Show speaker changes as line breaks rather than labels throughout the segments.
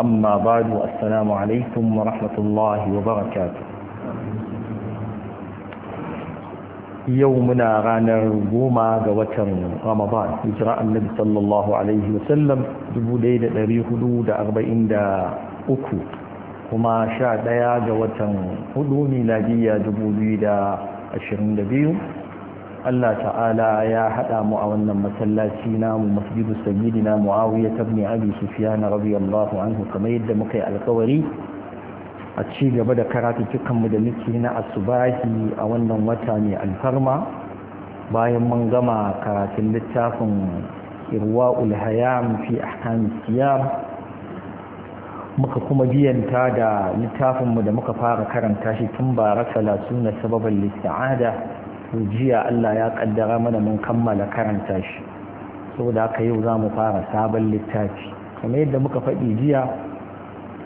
أما بعد السلام عليكم ورحمة الله وبركاته يومنا غانا رجوما قوتر رمضان إجراء النبي صلى الله عليه وسلم دبو ليلة لري حدود أربعين دا أكو وما شاء ديا قوتر حدود ميلادية دبو ليلة أشرين دبيو Allah ta'ala ya haɗa mu a wannan masallaci namu masjidu na Muawiya ibn Abi Sufyan radiyallahu anhu kamar yadda muka yi alkawari a ci gaba da karatukan mu da muke na asubahi a wannan wata mai alfarma bayan mun gama karatun littafin Irwa'ul Hayam fi ahkamis muka kuma biyanta da littafinmu da muka fara karanta shi tun bara 30 sababan lista'ada jiya Allah ya kaddara mana mun kammala karanta shi saboda haka yau za mu fara sabon littafi kamar yadda muka faɗi jiya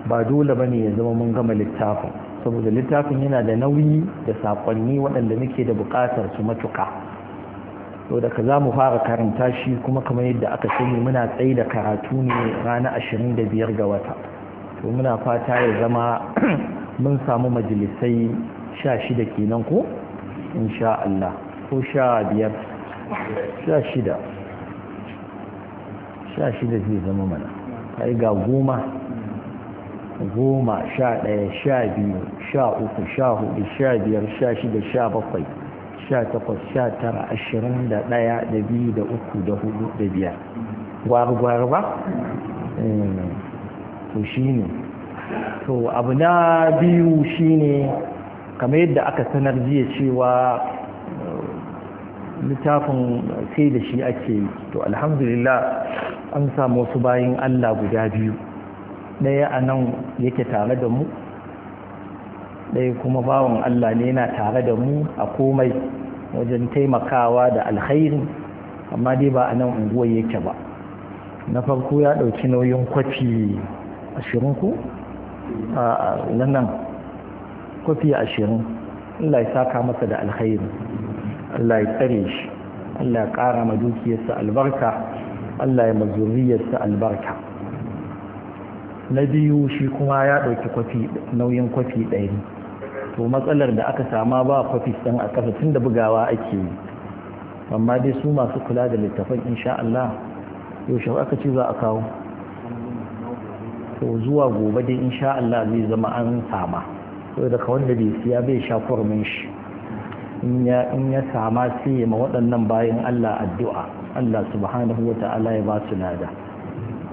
ba dole bane ne ya zama mun gama littafin saboda littafin yana da nauyi da saƙonni waɗanda muke da buƙatar su matuƙa saboda ka za mu fara karanta shi kuma kamar yadda aka sani muna tsaye da karatu ne ranar ashirin da biyar ga wata to muna fata ya zama mun samu majalisai sha shida kenan ko insha Allah ko sha biyar sha shida sha shida zai zama mana kai ga goma goma sha ɗaya sha biyu sha uku sha hudu sha biyar sha shida sha bakwai sha takwas sha tara ashirin da ɗaya da biyu da uku da hudu da biyar gwar ba eh, to shi ne to abu na biyu shi ne kamar yadda aka sanar jiya cewa uh, littafin sai da shi ake yi to alhamdulillah an samu wasu bayan allah guda biyu ɗaya a nan yake tare da mu ɗaya kuma bawan allah ne yana tare da mu a komai wajen taimakawa da alkhairin amma dai ba a nan unguwar yake ba na farko ya ɗauki nauyin kwafi ashirin ku a nan kofi ashirin Allah ya saka masa da alkhairi Allah ya tsare shi Allah ya ƙara ma dukiyarsa albarka Allah ya mazuriyarsa albarka na biyu shi kuma ya ɗauki nauyin kwafi ɗaya. to matsalar da aka sama ba kwafi san a ƙasa tun da bugawa ake yi amma dai su masu kula da littafan insha Allah yaushe aka ce za a kawo to zuwa gobe dai insha Allah zai zama an sama so daga wanda bai siya bai sha kurmin shi in ya sama sai ma waɗannan bayan Allah addu'a Allah subhanahu wa ta'ala ya ba su lada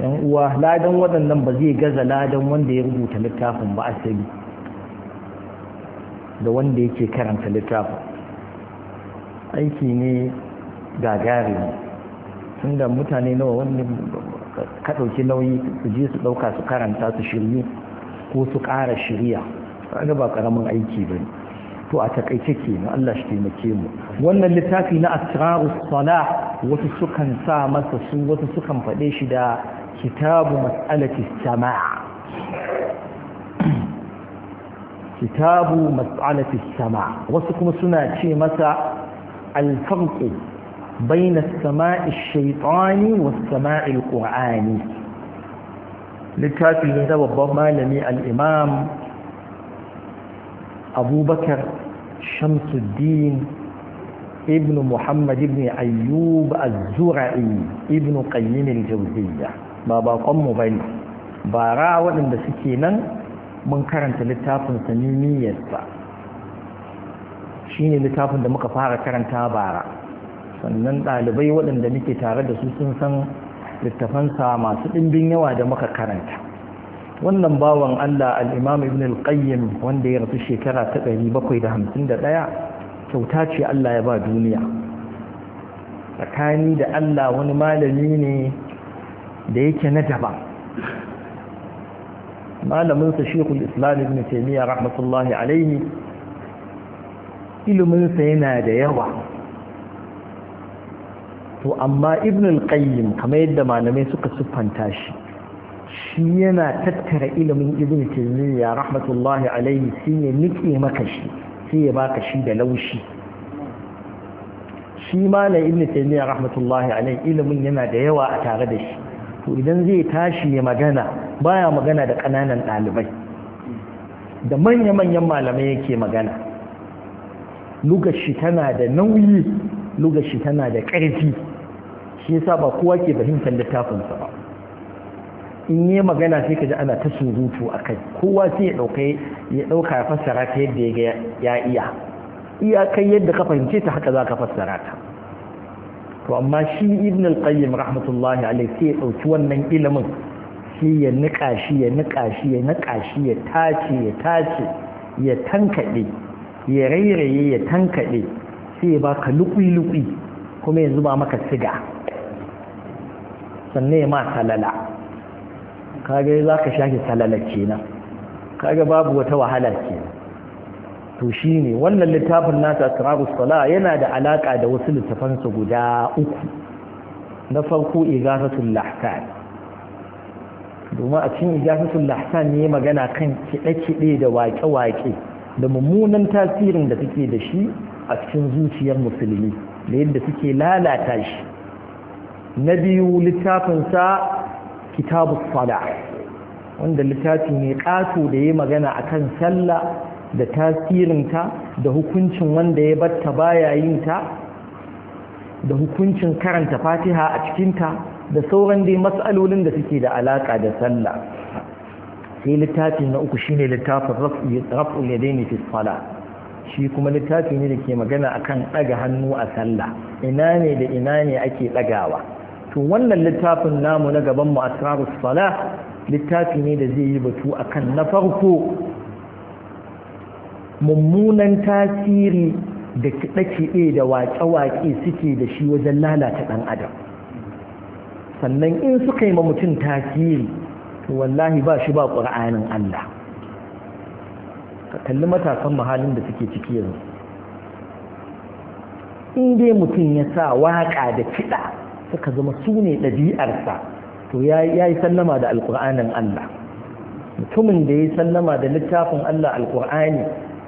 yan uwa ladan waɗannan ba zai gaza ladan wanda ya rubuta littafin ba asali da wanda yake karanta littafin aiki ne ne tunda mutane nawa wani ka ɗauki nauyi su je su ɗauka su karanta su shirye ko su ƙara shirya kaga ba karamin aiki ba to a takaice kenan Allah shi taimake mu wannan littafi na asrarus salah wasu sukan sa masa su wasu sukan faɗe shi da kitabu mas'alati samaa kitabu mas'alati samaa wasu kuma suna ce masa al baina sama'i as-samaa'i ash-shaytani was-samaa'i littafi da malami al-imam abubakar shamsuddin ibn muhammad ibn ayyub az-zura'i ibn qayyim al-jawziyya ba bakon mu bane bara waɗanda suke nan mun karanta littafin sa niyyarsa shine littafin da muka fara karanta bara sannan ɗalibai waɗanda muke tare da su sun san littafansa masu ɗimbin yawa da muka karanta wannan bawan Allah al-Imam Ibn al-Qayyim wanda ya rasu shekara ta 751 kyauta ce Allah ya ba duniya tsakani da Allah wani malami ne da yake na daba malamin sa Sheikhul Islam Ibn Taymiyyah rahmatullahi alayhi ilimin sa yana da yawa to amma Ibn al-Qayyim kamar yadda malamai suka siffanta shi shi yana tattara ilimin ibn taymiya rahmatullahi alaihi sai ya nike maka shi sai ya baka shi da laushi shi ma na ibn taymiya rahmatullahi alaihi ilimin yana da yawa a tare da shi to idan zai tashi ya magana baya magana da kananan ɗalibai da manya-manyan malamai yake magana lugashi tana da nauyi lugashi tana da ƙarfi shi yasa ba kowa ke fahimtar littafinsa ba in yi magana sai ka ji ana ta surutu a kai kowa sai ya ɗauka ya ɗauka ya fassara ta yadda ya ga iya iya kai yadda ka fahimce ta haka za ka fassara ta to amma shi ibn al-qayyim rahmatullahi alaihi sai ya ɗauki wannan ilimin shi ya nika shi ya nika shi ya nika shi ya tace ya tace ya tankaɗe ya rairaye ya tankaɗe sai ya baka lukwi-lukwi kuma ya zuba maka siga sannan ya ma salala kage za ka shafi salalace na kaga babu wata wahala ke to shi ne wannan littafin nasa asrarus yana da alaƙa da wasu littafansa guda uku na farko igasatul lahkan domin a cikin igasatul lahkan ne magana kan kiɗe-kiɗe da waƙe-waƙe da mummunan tasirin da suke da shi a cikin zuciyar musulmi da yadda suke lalata shi na biyu littafinsa kitabu sada wanda littafi ne ƙato da ya magana akan sallah da tasirinta da hukuncin wanda ya batta baya ta da hukuncin karanta fatiha a cikinta da sauran dai matsalolin da suke da alaƙa da sallah sai littafi na uku shine littafin raf'ul yadaini fi sala shi kuma littafi ne da ke magana akan ɗaga hannu a sallah ina ne da ina ne ake ɗagawa to wannan littafin namu na gaban mu asrarus salah littafi ne da zai yi batu akan na farko mummunan tasiri da kiɗe-kiɗe da waƙe-waƙe suke da shi wajen lalata ɗan adam sannan in suka yi ma mutum tasiri to wallahi ba shi ba ƙur'anin Allah ka kalli matasan mahalin da suke ciki yanzu in dai mutum ya sa waƙa da kiɗa suka zama su ne ɗabi'arsa to ya yi sallama da alƙur'anin Allah mutumin da ya yi sallama da littafin Allah alƙur'ani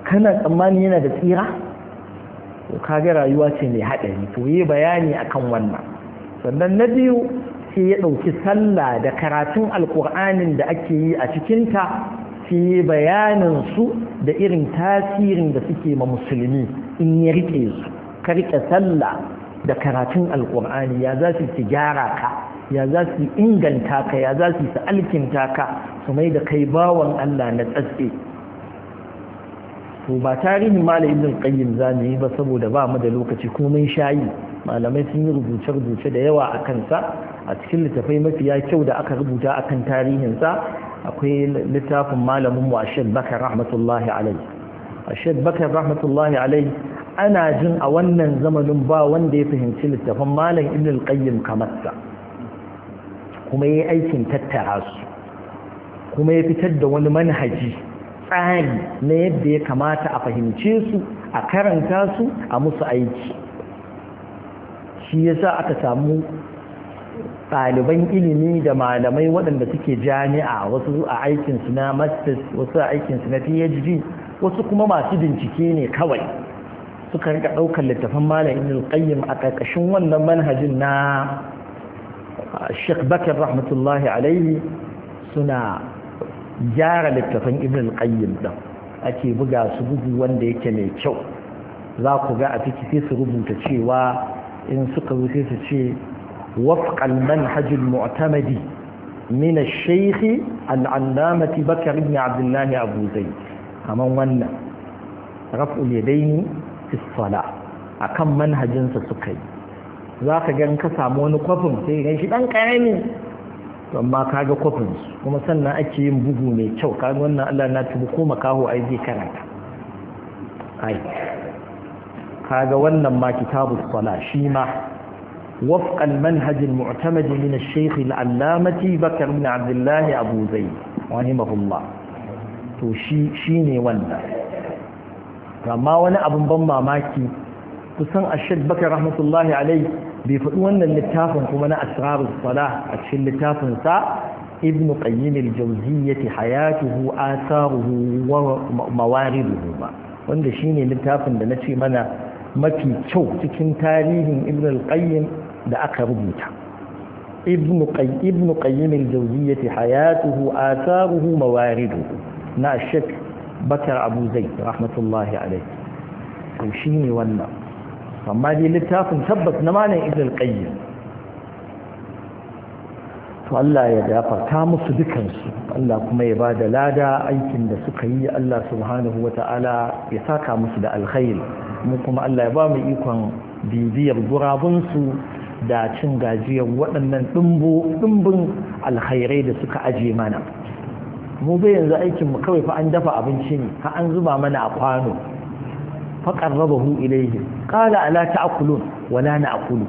kana tsammani yana da tsira to kaga rayuwa ce mai haɗari to yi bayani akan wannan sannan na biyu sai ya ɗauki sallah da karatun alƙur'anin da ake yi a cikinta sai bayanin su da irin tasirin da suke ma musulmi in ya riƙe su ka riƙe sallah da karatun alkur'ani ya za su ci gyara ka ya za su inganta ka ya za su su alkinta ka su mai da kai bawan Allah na tsatse to ba tarihin malamin ibn qayyim za mu yi ba saboda ba mu da lokaci ko mun shayi malamai sun yi rubuce-rubuce da yawa a kansa a cikin littafai mafiya kyau da aka rubuta akan tarihinsa akwai littafin malamin mu ashir bakar rahmatullahi alai ashir bakar rahmatullahi alai ana jin a wannan zamanin ba wanda ya fahimci littafin malam ibn al-qayyim sa kuma ya aikin tattara su kuma ya fitar da wani manhaji tsari na yadda ya kamata a fahimce su a karanta su a musu aiki shi yasa aka samu ɗaliban ilimi da malamai waɗanda suke jami'a wasu a aikinsu na masters wasu a aikinsu na phd wasu kuma masu bincike ne kawai suka rika ɗaukar littafan malam ibn qayyim a ƙarƙashin wannan manhajin na Sheikh Bakar rahmatullahi alaihi suna gyara littafan ibn qayyim din ake buga su bugu wanda yake mai kyau za ku ga a ciki sai su rubuta cewa in suka zo sai su ce wafqal manhajul mu'tamadi mina ash-shaykh al-allamati Bakar ibn Abdullah Abu Zaid kaman wannan raf'ul fi sala akan manhajinsa suka yi za ka gan ka samu wani kwafin sai gan shi ɗan ƙarami don ma ka ga kwafin kuma sannan ake yin bugu mai kyau ka wannan Allah na tubu ko makaho a zai karanta ai ka ga wannan ma kitabu sala shi ma وفق المنهج المعتمد من الشيخ العلامة بكر بن عبد الله أبو زيد رحمه الله to shi ne wannan amma wani abin ban mamaki kusan ashir bakar rahmatullahi alai bai faɗi wannan littafin kuma na asrarus sala a cikin littafin sa ibnu qayyim al hayatuhu atharuhu wa mawariduhu ba wanda shine littafin da nace mana mafi kyau cikin tarihin ibn qayyim da aka rubuta ibnu qayyim ibnu qayyim al hayatuhu atharuhu mawaridu na ashir bakar abu zai rahmatullahi alai to shi ne wannan amma dai littafin tabbas na malam Idil qayyim to Allah ya gafarta musu dukansu Allah kuma ya ba da lada aikin da suka yi Allah subhanahu wa ta'ala ya saka musu da alkhairi mu kuma Allah ya ba mu ikon bibiyar gurabunsu da cin gajiyar waɗannan ɗumbin alkhairai da suka aje mana mu bai yanzu aikinmu kawai fa an dafa abinci ne fa an zuba mana a kwano fa qarrabahu ilayhi qala ala ta'kulun la na'kulu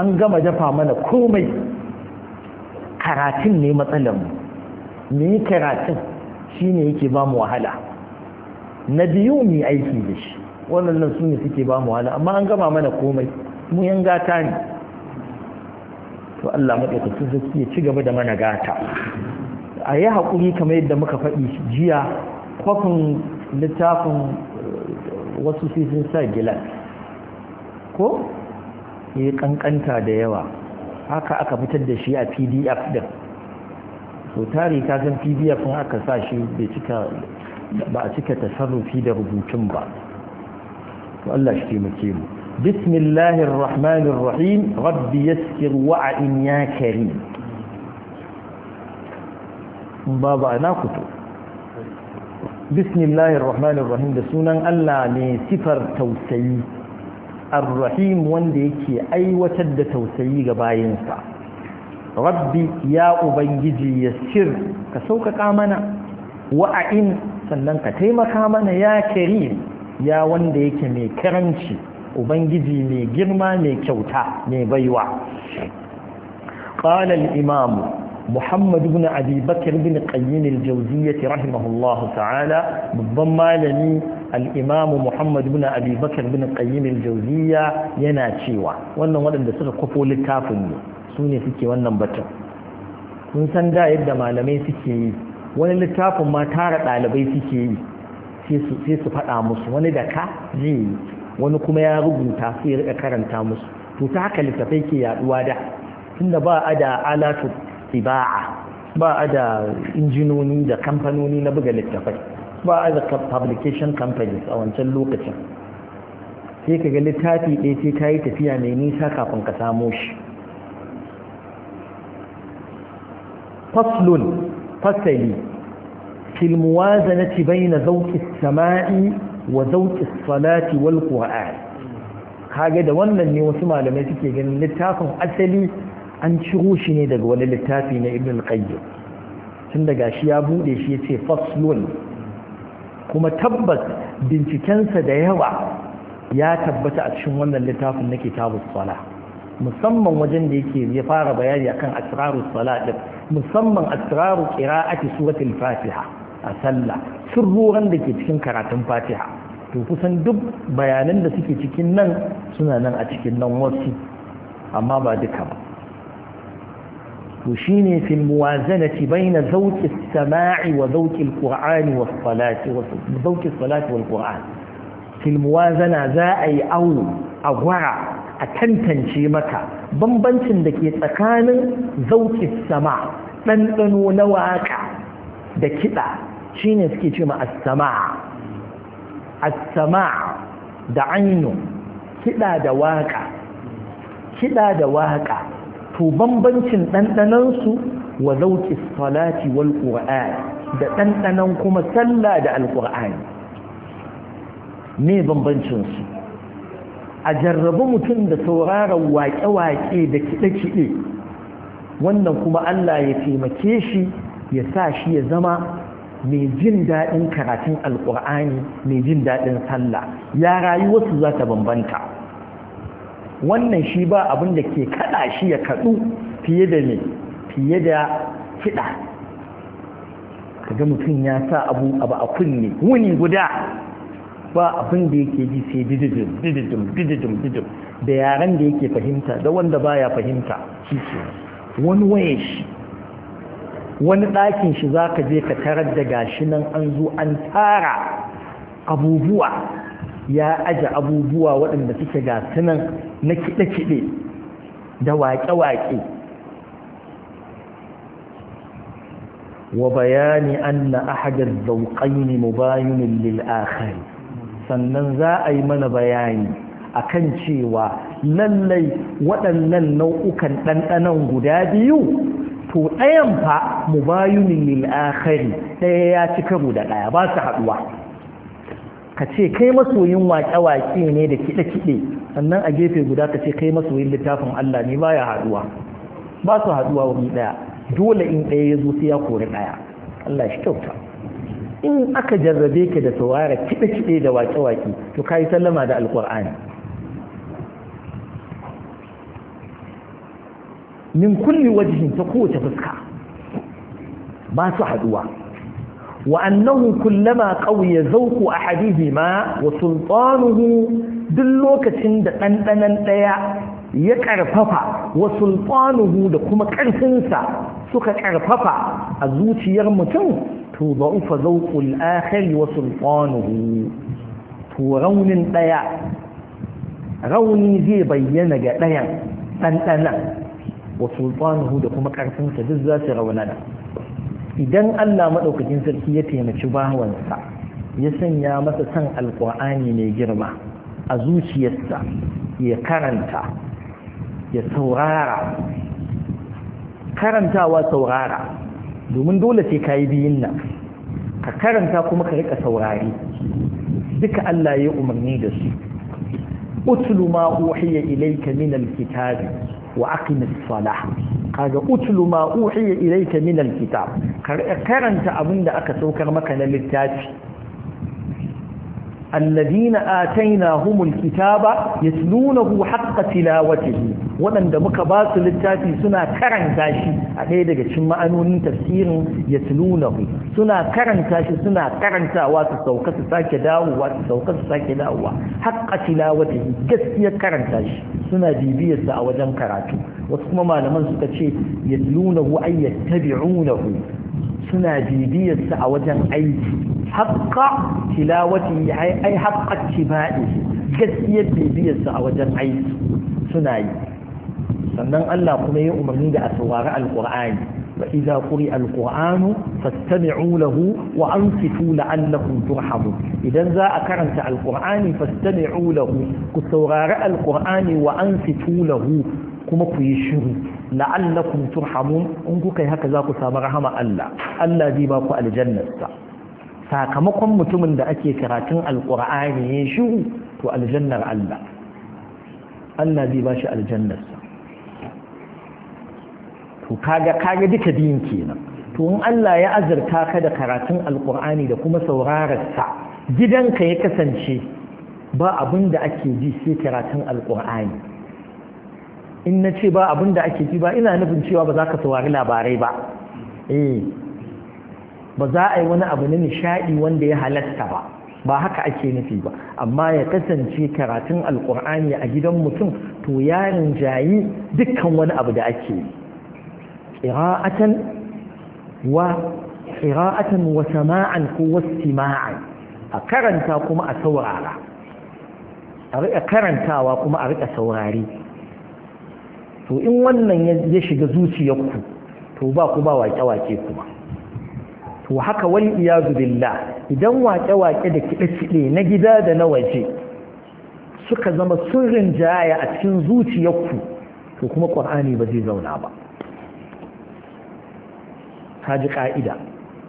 an gama dafa mana komai karatun ne matsalar mu me karatun shine yake ba mu wahala na biyu mu aiki da shi wannan nan ne suke ba mu wahala amma an gama mana komai mu yan gata ne to Allah madaukakin sarki ya ci gaba da mana gata a yi haƙuri kamar yadda muka faɗi jiya kwafin littafin uh, wasu sun sa gila ko ya eh, ƙanƙanta da yawa haka aka fitar da shi a pdf din so tari ka san pdf in aka sa shi ba a cika tasarrufi da rubutun ba to Allah shi taimake mu bismillahir rahmanir rahim rabbi yaskir wa'in ya karim babu na kuto bismillahir rahmanir rahim da sunan Allah ne sifar tausayi ar-rahim wanda yake aiwatar da tausayi ga bayinsa rabbi ya ubangiji yassir ka saukaka mana a'in sannan ka taimaka mana ya karim ya wanda yake mai karanci ubangiji mai girma mai kyauta mai baiwa qala al-imamu Muhammadu bin abi bin ibn qayyin rahimahullah ta'ala babban malami al-imam muhammad ibn bin bakr yana cewa wannan waɗanda suka kwafo littafin ne su ne suke wannan batun Kun san da yadda malamai suke yi wani littafin ma tara ɗalibai suke yi sai su faɗa musu wani da ka zai yi wani kuma ya rubuta sai ya karanta musu to ta haka littafai ke yaduwa da tunda ba a da alatu tiba'a ba a da injinoni da kamfanoni na buga littafai ba a da publication companies a wancan lokacin sai kaga littafi ɗaya sai ka yi tafiya mai nisa kafin ka samo shi faslun fasali fil muwazanati bayna zawqi samai wa zawqi salati wal qur'an kage da wannan ne wasu malamai suke ganin littafin asali an ciro shi ne daga wani littafi na ibn qayyim tun daga shi ya bude shi yace faslun kuma tabbas bincikensa da yawa ya tabbata a cikin wannan littafin na kitabus sala musamman wajen da yake ya fara bayani akan asrarus sala din musamman asraru qira'ati suratul fatiha a sallah sirruran da ke cikin karatun fatiha to kusan duk bayanan da suke cikin nan suna nan a cikin nan wasu amma ba duka ba to shine fil muwazanati baina na as-sama'i wa zawqi al-qur'ani wa zawqi salati wal-qur'an za a yi awu a gwara a tantance maka bambancin da ke tsakanin zauki sama ɗanɗano na waƙa da kiɗa shine suke ce ma as-sama da ainu kiɗa da waƙa kiɗa da waƙa to bambancin ɗanɗanansu wa zauki salati wal ƙur'ani da ɗanɗanan kuma sallah da alƙur'ani ne bambancinsu a jarrabi mutum da sauraron waƙe-waƙe da kiɗe-kiɗe wannan kuma Allah ya taimake shi ya sa shi ya zama mai jin daɗin karatun alƙur'ani mai jin daɗin sallah ya rayuwarsu za ta bambanta wannan shi ba abin da ke kada shi ya kadu fiye da ne fiye da kiɗa kaga mutum ya sa abu abu a kunne wuni guda ba abin da yake ji sai dididim dididim dididim dididim da yaren da yake fahimta da wanda baya fahimta shi ke wani waye shi wani ɗakin shi za ka je ka tarar da gashi nan an zo an tara abubuwa ya aje abubuwa waɗanda suke ga sunan na kiɗe-kiɗe da waƙe-waƙe wa bayani anna ahadar zauƙaini mubayinin lil'akhari sannan za a yi mana bayani akan cewa lallai waɗannan nau'ukan ɗanɗanan guda biyu to ɗayan fa mubayinin lil'akhari ɗaya ya ci karo da ɗaya ba su haɗuwa ka ce kai masoyin waƙe-waƙe ne da kiɗe-kiɗe sannan a gefe guda ka ce kai masoyin littafin Allah ne baya haɗuwa ba su haɗuwa wuri ɗaya dole in ɗaya ya zo sai ya kori ɗaya Allah shi kyauta in aka jarrabe ka da saurara kiɗe-kiɗe da waƙe-waƙe to ka yi sallama da alƙur'ani min kulli wajihin ta kowace fuska ba su haɗuwa وأنه كلما قوي ذوق أحدهما وسلطانه دلوكة أنتنا تيا يكرففا وسلطانه لكم كرفنسا سك كرففا الزوت يرمتن تضعف ذوق الآخر وسلطانه تورون تيا rauni zai bayyana ga ɗayan ɗanɗanan wa sultanuhu da kuma ƙarfinsa duk za su raunana idan Allah maɗaukakin sarki ya taimaki bawansa ya sanya masa san alƙur'ani mai girma a zuciyarsa ya karanta ya saurara karantawa saurara domin dole sai ka yi biyun nan ka karanta kuma ka rika saurari duka Allah ya umarni da su utlu ma uhiya ilayka min alkitabi wa aqimis salah kaga utlu ma uhiya ilayka min alkitab karanta abinda aka saukar maka na littafi الذين آتيناهم الكتاب yatlunahu حق تلاوته waɗanda muka ba su littafi suna karanta shi a ɗaya daga cikin ma'anonin tafsirin ya suna karanta shi suna karantawa su sauka su sake dawowa su sauka su sake dawowa haƙƙa tilawata gaskiyar karanta shi suna bibiyarsa a wajen karatu wasu kuma malaman suka ce yatlunahu ay yattabi'unahu suna bibiyarsa a wajen aiki haqqa tilawati ai haqqa tibai gaskiyar bibiyarsa a wajen aiki suna yi sannan Allah kuma ya umarni da a saurari alqur'ani فإذا قرئ القرآن فاستمعوا له وأنصفوا لعلكم ترحمون إذا ذا أكرمت القرآن فاستمعوا له كثوراء القرآن وأنصفوا له كما كيشروا لعلكم ترحمون انكو كي هكذا كسام رحمة الله الله دي باكو الجنة sakamakon mutumin da ake karatun alkur'ani ya shiru to aljannar Allah Allah zai ba shi aljannar to kaga kaga duka biyun kenan to in Allah ya azurta ka da karatun alkur'ani da kuma saurararsa gidanka ya kasance ba abin da ake ji sai karatun alkur'ani in na ce ba abin da ake ji ba ina nufin cewa ba za ka saurari labarai ba eh ba za a yi wani abu na nishaɗi wanda ya halatta ba ba haka ake nufi ba amma ya kasance karatun alkur'ani a gidan mutum to ya jayi dukkan wani abu da ake yi qira'atan wa qira'atan wa ko wastima'an a karanta kuma a saurara a riƙa karantawa kuma a riƙa saurari to in wannan ya shiga zuciyarku to ba ku wake-wake kuma to haka wal iyazu billah idan wake-wake da kiɗe-kiɗe na gida da na waje suka zama sirrin jaya a cikin zuciyarku to kuma ƙur'ani ba zai zauna ba ka ji ƙa'ida,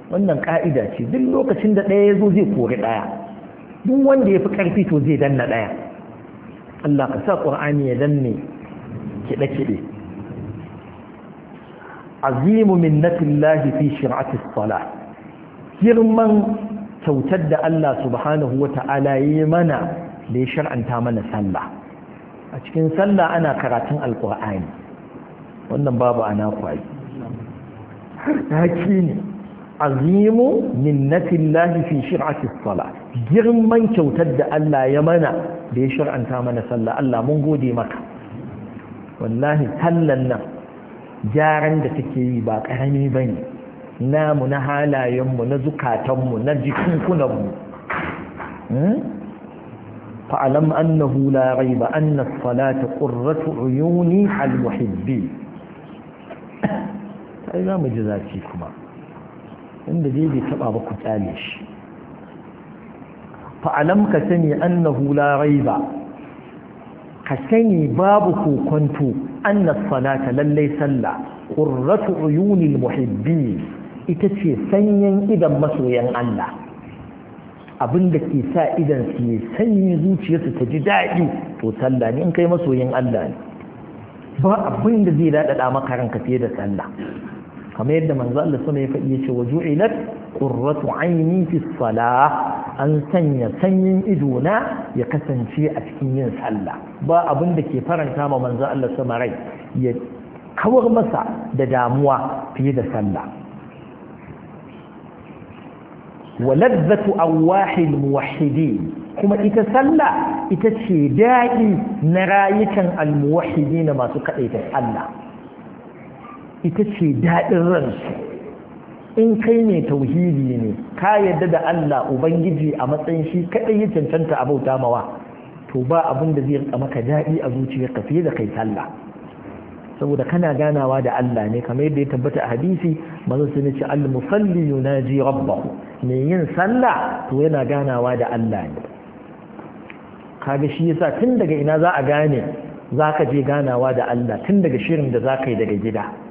wannan ƙa'ida ce duk lokacin da ɗaya ya zo zai kori ɗaya duk wanda ya fi ƙarfi to zai danna ɗaya Allah ka sa ƙur'ani ya danne kiɗe-kiɗe azimu minnatillahi fi shir'ati sala girman kyautar da Allah subhanahu wa ta'ala yi mana da ya shar'anta mana sallah a cikin sallah ana karatun alƙur'ani wannan babu ana kwayi ta ki ne azimu minnatillahi fi shir'ati sala girman kyautar da Allah ya mana da ya shir'anta mana sallah Allah mun gode maka wallahi sallan nan gyaran da take yi ba karami bane namu na halayenmu na zukatanmu na jikunkunanmu فاعلم أنه لا ريب أن ƙurratu قرة al muhibbi ai za mu ji zafi kuma inda dai bai taba ba ku shi fa'alam ka sani annahu la raiba ka sani babu kokonto annas salata lallai sallah qurratu uyunil muhibbi ita ce sanyin idan masoyan Allah abin da ke sa idan su yi sanyi zuciyarsu ta ji daɗi to sallah ne in kai masoyin Allah ne ba abin da zai daɗaɗa maka ranka fiye da sallah kamar yadda manzo Allah sama ya faɗi yace wa ju'ilat qurratu aini fi salah an sanya sanyin ido na ya kasance a cikin yin sallah ba abin da ke faranta ma manzo Allah sama rai ya kawar masa da damuwa fiye da sallah wa ladzatu awahil muwahhidin kuma ita sallah ita ce daɗi na rayukan na masu kaɗaita Allah ita ce daɗin ransu in kai ne tauhidi ne ka yadda da Allah ubangiji a matsayin shi kaɗai ya cancanta a bauta mawa to ba abin da zai rika maka daɗi a ka fiye da kai sallah saboda kana ganawa da Allah ne kamar yadda ya tabbata a hadisi manzo sun ce al musalli yunaji rabbahu me yin sallah to yana ganawa da Allah ne kaga shi yasa tun daga ina za a gane zaka je ganawa da Allah tun daga shirin da zaka yi daga gida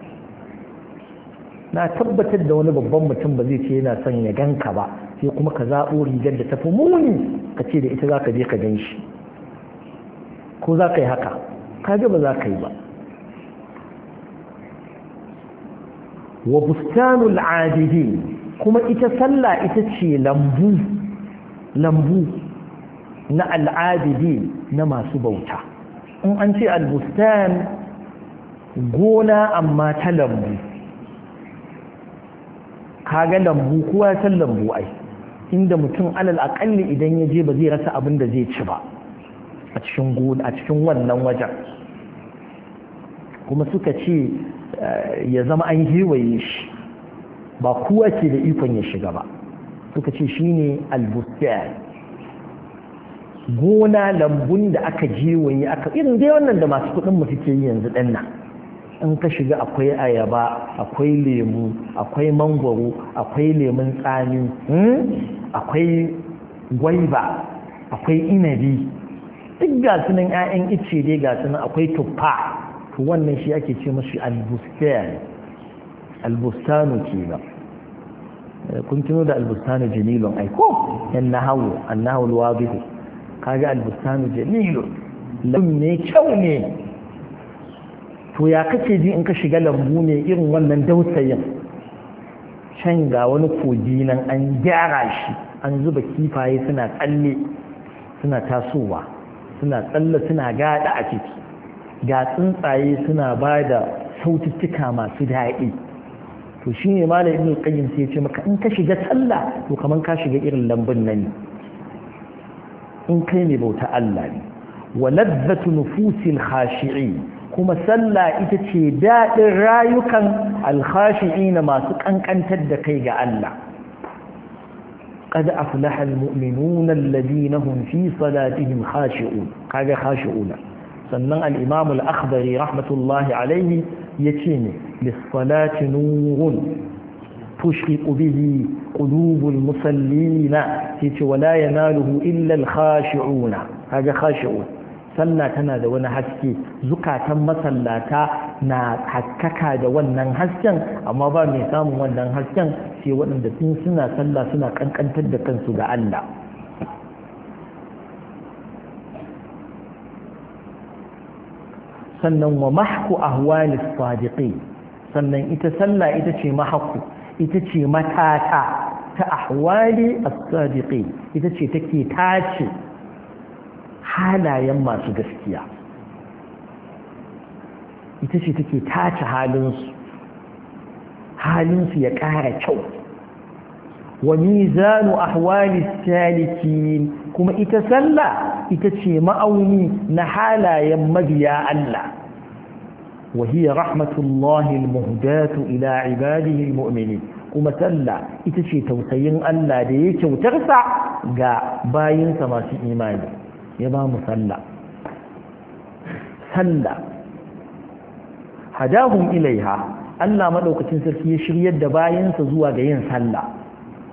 na tabbatar da wani babban mutum ba zai ce yana son ya ganka ba sai kuma ka zaɓo rigar da tafi muni ka ce da ita za ka je ka gan shi ko za ka yi haka ka ga ba za ka yi ba wa bustanul adidin kuma ita sallah ita ce lambu lambu na al'adidi na masu bauta in an ce albustan gona amma ta lambu Ka ga lambu kowa ya san lambu ai inda mutum alal akalli idan ya je ba zai rasa abin da zai ci ba a cikin a cikin wannan wajen kuma suka ce eh, ya zama an hewaye shi ba kowa ke da ikon ya shiga ba suka ce shine albustan gona lambun da aka jewaye aka irin dai wannan da masu kudin mu suke yi yanzu ɗan nan in ka shiga akwai ayaba akwai lemu akwai mangwaro akwai lemun tsami hmm? akwai gwaiba akwai inabi duk ga sunan 'ya'yan ice dai ga sunan akwai tuffa to wannan shi ake ce mashi albustan albustanu kenan eh, kun tuno da albustanu jamilun aiko yan nahawu annahu alwadihu kaga albustanu jamilun lam ne kyau ne to ya kake ji in ka shiga lambu ne irin wannan dausayin can ga wani kogi nan an gyara shi an zuba kifaye suna tsalle suna tasowa suna tsalle suna gada a ciki ga tsuntsaye suna ba da saututtuka masu daɗi to shi ne malam ibn qayyim sai ya ce maka in ka shiga tsalla to kaman ka shiga irin lambun nan ne in kai ne bauta Allah ne wa ladzatu nufusil khashi'in kuma sallah ita ce daɗin rayukan alkhashi'ina masu ƙanƙantar da kai ga Allah قد أفلح المؤمنون الذين هم في صلاتهم خاشعون كاجا خاشعون سنن الإمام الأخضر رحمة الله عليه يتيني للصلاة نور تشرق به قلوب المصلين ولا يناله إلا الخاشعون هذا خاشعون sallah tana da wani haske zukatan masallata na hakkaka da wannan hasken amma ba mai samun wannan hasken sai waɗanda sun suna sallah suna ƙanƙantar da kansu ga Allah sannan wa mahku ahwali sadiqi sannan ita sallah ita ce mahku ita ce matata ta ahwali sadiqi ita ce take tace halayen masu gaskiya ita ce take tace halinsu halinsu ya ƙara kyau wa mizanu ahwali salikin kuma ita sallah ita ce ma'auni na halayen mabiya Allah wa hiya rahmatullahi almuhdatu ila ibadihi almu'minin kuma sallah ita ce tausayin Allah da ya kyautarsa ga bayinsa masu imani ya ba mu sallah sallah hadahum ilaiha Allah madaukakin sarki ya shiryar da bayansa zuwa ga yin sallah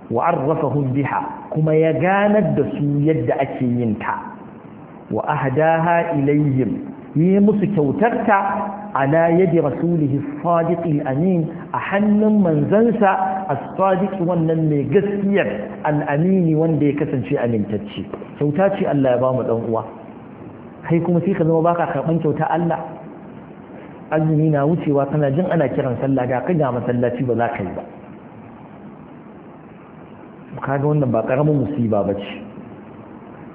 wa arrafahum biha kuma ya ganar da su yadda ake yin ta wa ahdaha ilayhim yi musu kyautarta ala yadi rasulihi sadiq amin a hannun manzansa a sadiq wannan mai gaskiyar al-amini wanda ya kasance amintacce kyauta ce Allah ya ba mu dan uwa kai kuma sai ka zama baka karban kyauta Allah azumi na wucewa kana jin ana kiran sallah ga kai ga masallaci ba za ka yi ba kaga wannan ba karamin musiba ce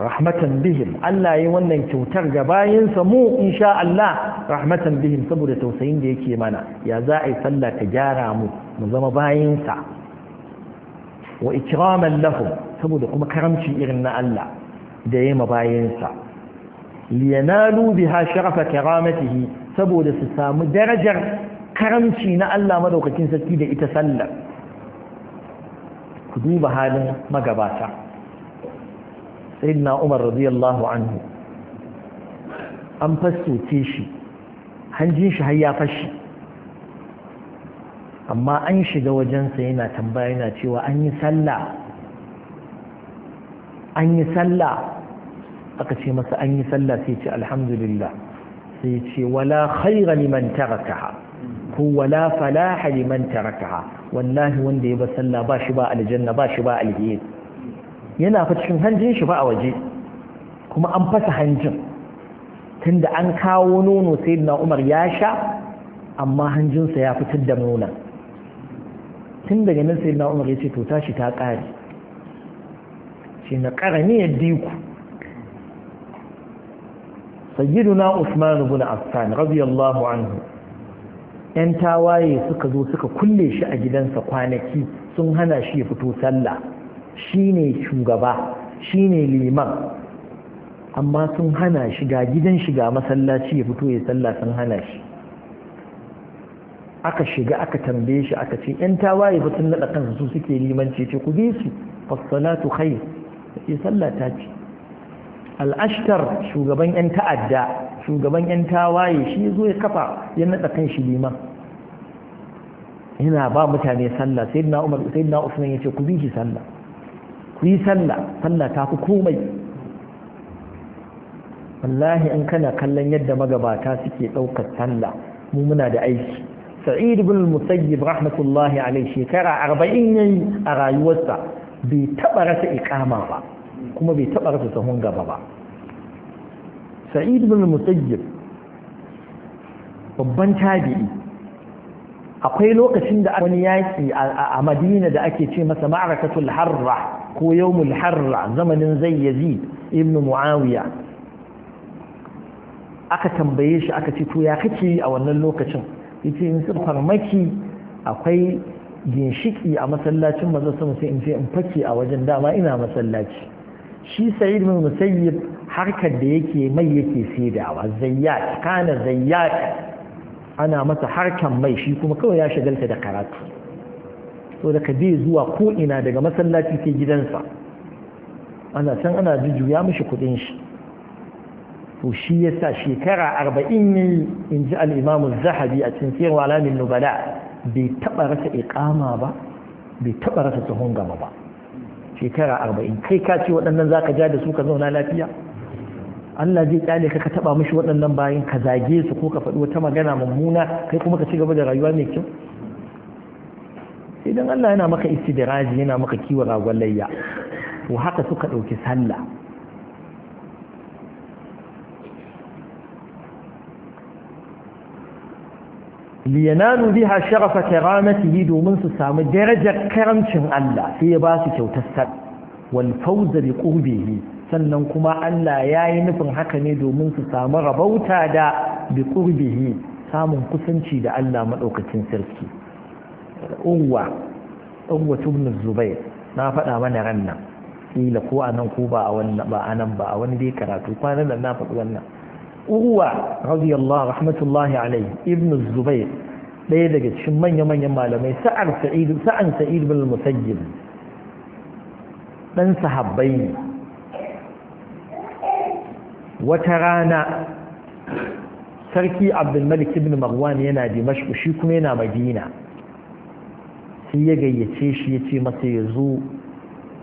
rahmatan bihim Allah yi wannan kyautar ga bayansa mu insha Allah rahmatan bihim saboda tausayin da yake mana ya za a yi sallah ta gyara mu mu zama bayansa wa ikraman lahum saboda kuma karamci irin na Allah da ya ma bayansa liyanalu biha sharafa karamatihi saboda su samu darajar karamci na Allah madaukakin sarki da ita sallar ku duba halin magabata sayyidina umar radiyallahu anhu an fassoce shi hanjin shi har ya fashi amma an shiga wajensa yana tambaya yana cewa an yi sallah an yi sallah aka ce masa an yi sallah sai ce alhamdulillah sai ce wala khaira liman tarakaha ko wala falaha liman tarakaha wallahi wanda ya ba sallah ba shi ba aljanna ba shi ba alheri yana fi cikin hanjin shi fa a waje kuma an fasa hanjin tunda an kawo nono sai na umar ya sha amma hanjinsa ya fitar da nuna tun daga nan sai na umar ya ce to tashi ta ƙare shi na ƙarami ya diku sayyiduna usman ibn affan radiyallahu anhu yan tawaye suka zo suka kulle shi a gidansa kwanaki sun hana shi ya fito sallah shine shugaba shine liman amma sun hana shiga gidan shiga masallaci ya fito ya sallah sun hana shi aka shiga aka tambaye shi aka ce yan tawaye ba sun nada kansu su suke limanci ce ku bi su fassalatu khair sai sallah ta ce al'ashtar shugaban yan ta'adda shugaban yan tawaye shi zo ya kafa ya nada kanshi liman yana ba mutane sallah sai na umar sai na usman ya ce ku bi shi sallah ku yi sallah sallah ta fi komai wallahi in kana kallon yadda magabata suke ɗaukar sallah mu muna da aiki sa'id ibn musayyib rahmatullahi alaihi shekara 40 yayi a rayuwarsa bai taba rasa ikama ba kuma bai taba rasa sahun gaba ba sa'id ibn musayyib babban tabi'i akwai lokacin da wani yaki a madina da ake ce masa ma'arakatul harra ko yau mulharra zamanin zai yazid ibn muawiya aka tambaye shi aka ce to ya kake a wannan lokacin yace in sun farmaki akwai ginshiki a masallacin maza sama sai in ce in fake a wajen dama ina masallaci shi sa'id bin musayyib harkar da yake mai yake saidawa zayyat kana zayyat ana masa harkan mai shi kuma kawai ya shagalta da karatu so daga bai zuwa ko ina daga masallaci sai gidansa ana san ana jujjuya mishi kudin shi to shi ya sa shekara arba'in ne in ji al'imamu zahabi a cikin sirri alamin nubala bai taɓa rasa iƙama ba bai taɓa rasa tuhun gama ba shekara arba'in kai ka ce waɗannan za ka ja da su ka zauna lafiya Allah zai kyale ka ka taɓa mishi waɗannan bayan ka zage su ko ka faɗi wata magana mummuna kai kuma ka ci gaba da rayuwa mai kyau idan Allah yana maka raji yana maka kiwon ragon layya to haka suka ɗauki sallah liyanalu biha sharafa karamatihi domin su samu darajar karamcin Allah sai ya ba su kyautar sal wal fawza bi qurbihi sannan kuma Allah ya yi nufin haka ne domin su samu rabauta da bi qurbihi samun kusanci da Allah madaukakin sarki uwa uwa tubin zubai na faɗa mana rannan ila ko a nan ko ba a wannan ba a nan ba a wani dai karatu kwanan nan na faɗi wannan uwa radiyallahu rahmatullahi alaihi ibn zubair ɗaya daga cikin manya-manyan malamai sa'ar sa'id sa'an sa'id bin musayyib dan sahabbai ne wata rana sarki abdul malik ibn marwan yana dimashq shi kuma yana madina sai ya gayyace shi ya ce masa ya zo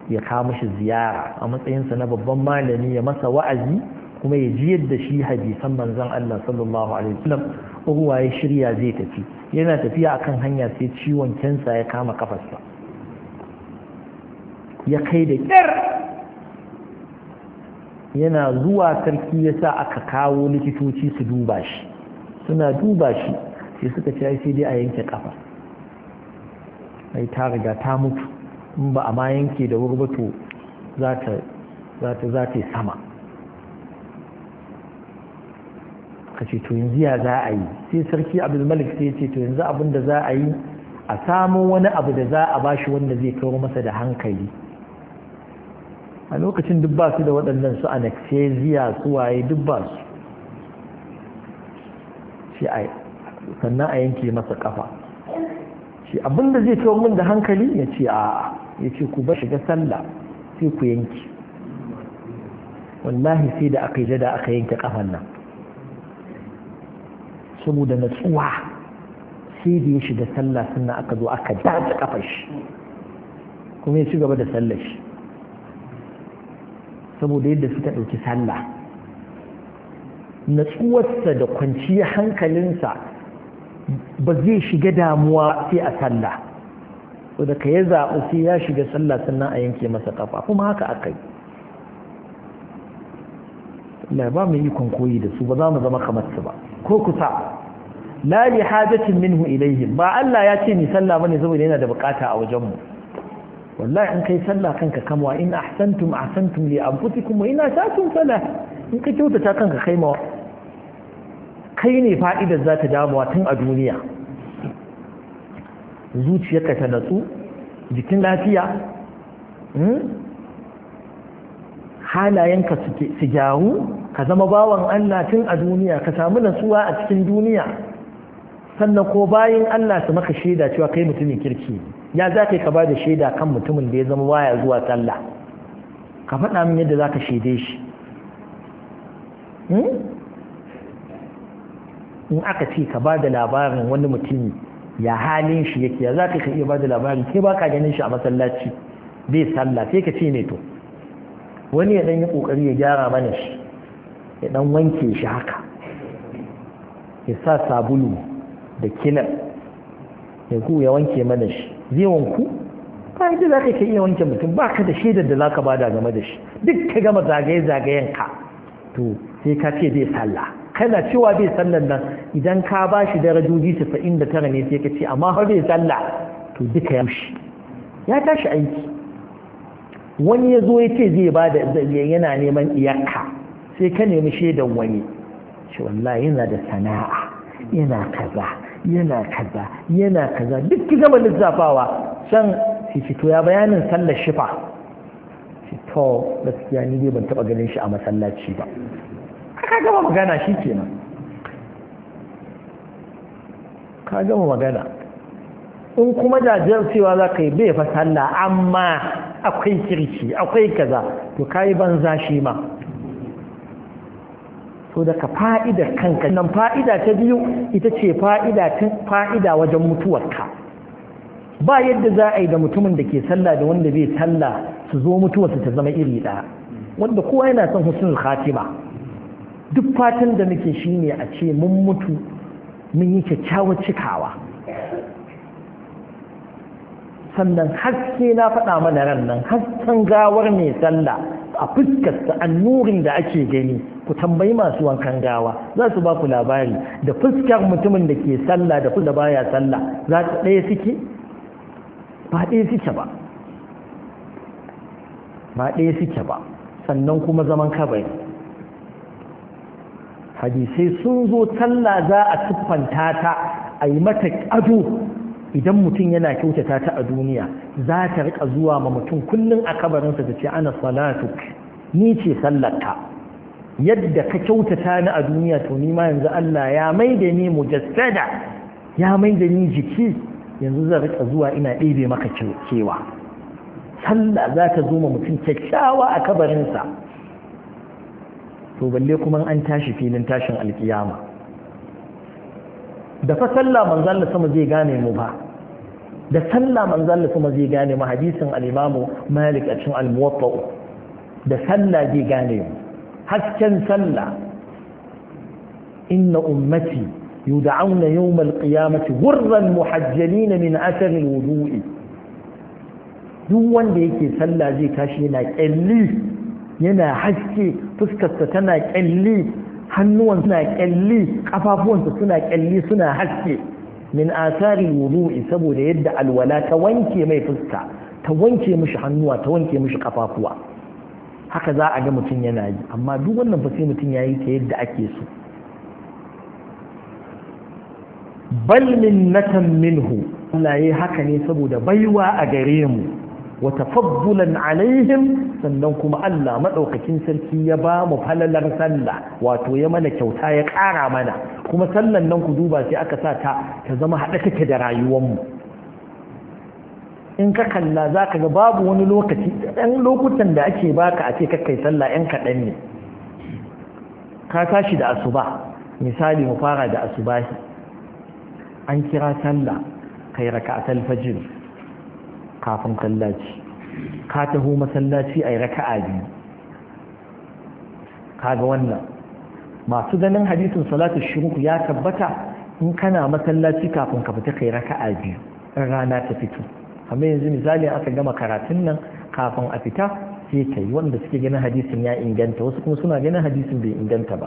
ya kama shi ziyara a matsayinsa na babban malami ya masa wa'azi kuma ya ji yadda shi hadisan manzon Allah sallallahu alaihi wasallam uwa ya shirya zai tafi yana tafiya akan hanya sai ciwon kyansa ya kama kafarsa ya kai da kyar yana zuwa sarki ya sa aka kawo likitoci su duba shi suna duba shi sai suka ce sai dai a yanke kafa ai ta riga ta mutu in ba a ma yanke da wuri ba to za ta sama ka ce to yanzu ya za a yi sai sarki abdulmalik sai ya ce to yanzu abin da za a yi a samo wani abu da za a shi wanda zai kawo masa da hankali a lokacin duk ba su da waɗannan su anaxesia su waye duk ba su sannan a yanke masa kafa ce abinda zai kawo min da hankali ya ce a ya ce ku ba shiga sallah sai ku yanki wallahi sai da aka yi jada aka yanke kafan nan saboda natsuwa sai da ya shiga sallah sannan aka zo aka dace kafar shi kuma ya ci gaba da sallar shi saboda yadda suka ɗauki sallah natsuwarsa da kwanciya hankalinsa ba zai shiga damuwa sai a sallah so da ka ya zaɓi sai ya shiga sallah sannan a yanke masa kafa kuma haka aka yi ba mu ikon koyi da su ba za mu zama kamar su ba ko kusa la li hajatin minhu ilayhi ba Allah ya ce ni sallah bane saboda yana da bukata a wajen mu wallahi in kai sallah kanka kamwa in ahsantum ahsantum li anfusikum wa in asatum sallah, in ka kyautata kanka kai ma kai ne fa'idar za ta damuwa tun a duniya zuciyarka ta natsu jikin lafiya hmm? halayenka su gyaru ka zama bawan Allah tun a duniya ka samu natsuwa a cikin duniya sannan ko bayan Allah su maka shaida cewa kai mutumin kirki ya za ka yi ka ba da shaida kan mutumin da ya zama waya zuwa sallah ka faɗa min yadda za ka shaide shi hmm? in aka ce ka ba da labarin wani mutum ya halin shi yake ya za ka iya ba da labarin ke ba ka ganin shi a masallaci bai sallah sai ka ce ne to wani ya dan yi kokari ya gyara mana shi ya dan wanke shi haka ya sa sabulu da kilar ya ku ya wanke mana shi zai wanku ba yadda za ka iya wanke mutum ba ka da shaidar da za ka da game da shi duk ka gama zagaye-zagayen ka to sai ka ce bai sallah kana cewa bai sallan nan idan ka ba shi darajoji tafa'in da tara ne sai ka ce amma har bai tsalla, to duka ya mushi ya tashi aiki wani ya zo ya ce zai ba da yana neman iyaka sai ka nemi shaidan wani shi wallah yana da sana'a yana kaza yana kaza yana kaza duk ki gama lissafawa can shi fito ya bayanin sallar shifa shi to gaskiya ni dai ban taba ganin shi a masallaci ba ka gama magana shi kenan ka gama magana in kuma jajiyar cewa za ka yi bai fa amma akwai kirki akwai kaza to ka yi banza shi ma so daga fa'idar kanka nan fa'ida ta biyu ita ce fa'ida wajen mutuwarka ba yadda za a yi da mutumin da ke sallah da wanda bai sallah su zo mutuwarsa ta zama iri ɗaya wanda kowa yana son husnul khatima duk fatan da muke shi ne a ce mun mutu mun yi kyakkyawar cikawa sannan haske na faɗa mana ran nan hasken gawar mai sallah a fuskarsa annurin da ake gani ku tambayi masu wankan gawa za su ba ku labari da fuskar mutumin da ke sallah da da baya sallah za su ɗaya suke ba ɗaya suke ba ba ɗaya suke ba sannan kuma zaman kabari hadisai sun zo sallah za a siffanta ta a yi mata ado idan mutum yana kyautata ta a duniya za ta rika zuwa ma mutum kullum a kabarinsa ta ce ana salatu ni ce sallarta yadda ka kyautata ni a duniya to ni ma yanzu Allah ya mai da ni mujassada ya mai da ni jiki yanzu zan rika zuwa ina ɗebe maka kewa sallah za ta zo ma mutum kyakkyawa a kabarinsa to balle kuma an tashi filin tashin alkiyama da fa sallah manzon Allah sama zai gane mu ba da sallah manzon Allah sama zai gane mu hadisin al-Imam Malik a cikin al-Muwatta da sallah zai gane mu hasken sallah inna ummati yud'auna yawm al-qiyamati ghurran muhajjalin min athar al-wudu'i duk wanda yake sallah zai tashi yana ƙyalli. yana haske fuskarsa tana kyalli hannuwan suna kyalli kafafuwansa suna kyalli suna haske min asari wudu'i saboda yadda alwala ta wanke mai fuska ta wanke mishi hannuwa ta wanke mishi kafafuwa haka za a ga mutum yana yi amma duk wannan fa sai mutum yayi ta yadda ake so bal min natan minhu Allah yayi haka ne saboda baiwa a gare mu wa tafaddulan alaihim sannan kuma Allah madaukakin sarki ya ba mu falalar sallah wato ya mana kyauta ya ƙara mana kuma sallan nan ku duba sai aka sa ta ta zama haɗa take da rayuwar mu in ka kalla zaka ga babu wani lokaci ɗan lokutan da ake baka a ce kai sallah ɗan kaɗan ne ka tashi da asuba misali mu fara da asubahi an kira sallah kai raka'atul fajr kafin sallaci ka taho masallaci a raka'a biyu kaga wannan masu ganin hadisin salatu shirku ya tabbata in kana masallaci kafin ka fita kai raka'a biyu in rana ta fito amma yanzu misali aka gama karatun nan kafin a fita sai ka yi wanda suke ganin hadisin ya inganta wasu kuma suna ganin hadisin bai inganta ba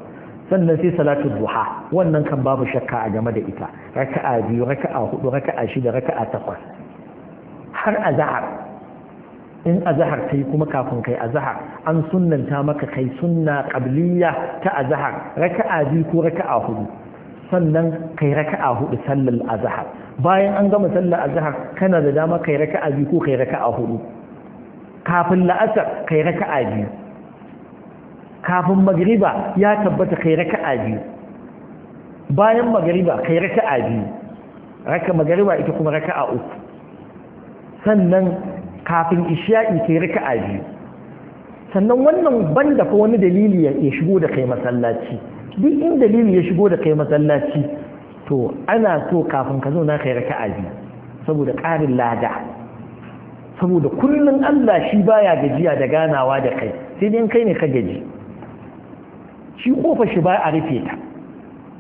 sannan sai salatu duha wannan kan babu shakka a game da ita raka'a biyu raka'a hudu raka'a shida raka'a takwas har azahar in azahar kai kuma kafin kai azahar an sunnanta maka kai sunna qabliya ta azahar raka'a biyu ko raka'a hudu sannan kai raka'a hudu sallar azahar bayan an gama sallar azahar kana da dama kai raka'a biyu ko kai raka'a hudu kafin la'asar kai raka'a biyu kafin magriba ya tabbata kai raka'a biyu bayan magriba kai raka'a biyu raka magriba ita kuma raka'a uku sannan kafin isha'i kai a biyu sannan wannan banda ko wani dalili ya shigo da kai masallaci duk in dalili ya shigo da kai masallaci to ana so kafin ka zauna kai a biyu saboda ƙarin lada saboda kullum Allah shi baya gajiya da ganawa da kai sai dai kai ne ka gaji shi kofa shi ba a rufe ta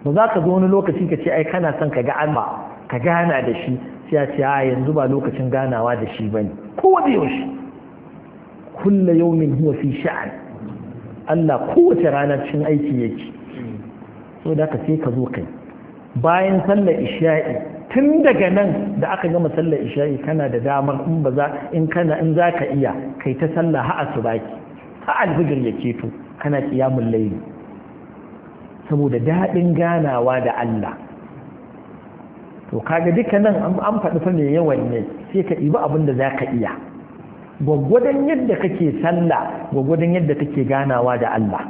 ba za ka zo wani lokaci ka ce ai kana son ka ga Allah ka gana da shi sai ce a yanzu ba lokacin ganawa da shi bane kowace yaushe kulla yawmin huwa fi sha'an Allah kowace rana cikin aiki yake so da ka sai ka zo kai bayan sallar isha'i tun daga nan da aka gama sallar isha'i kana da damar in ba za in kana in za ka iya kai ta sallah ha asubaki ha alfijir ya keto kana kiyamul layli saboda daɗin ganawa da Allah to kaga duka nan an faɗi fa mai yawan ne sai ka ɗiba abin da za ka iya gwaggwadon yadda kake sallah gwaggwadon yadda kake ganawa da Allah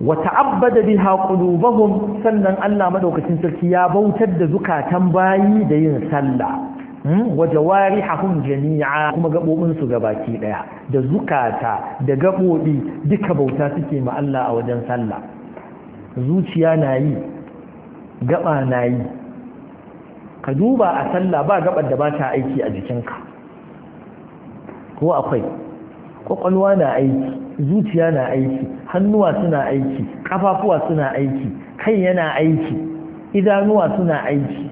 wa ta'abbada biha qulubuhum sannan Allah madaukakin sarki ya bautar da zukatan bayi da yin sallah hmm? wa jawarihum jami'a kuma gabobin su gabaki daya da zukata da gabobi duka bauta suke ma Allah a wajen sallah zuciya na yi gaba na yi ka duba a sallah ba gabar da ba ta aiki a jikinka ko akwai kwakwalwa na aiki zuciya na aiki hannuwa suna aiki kafafuwa suna aiki kai yana aiki idanuwa suna aiki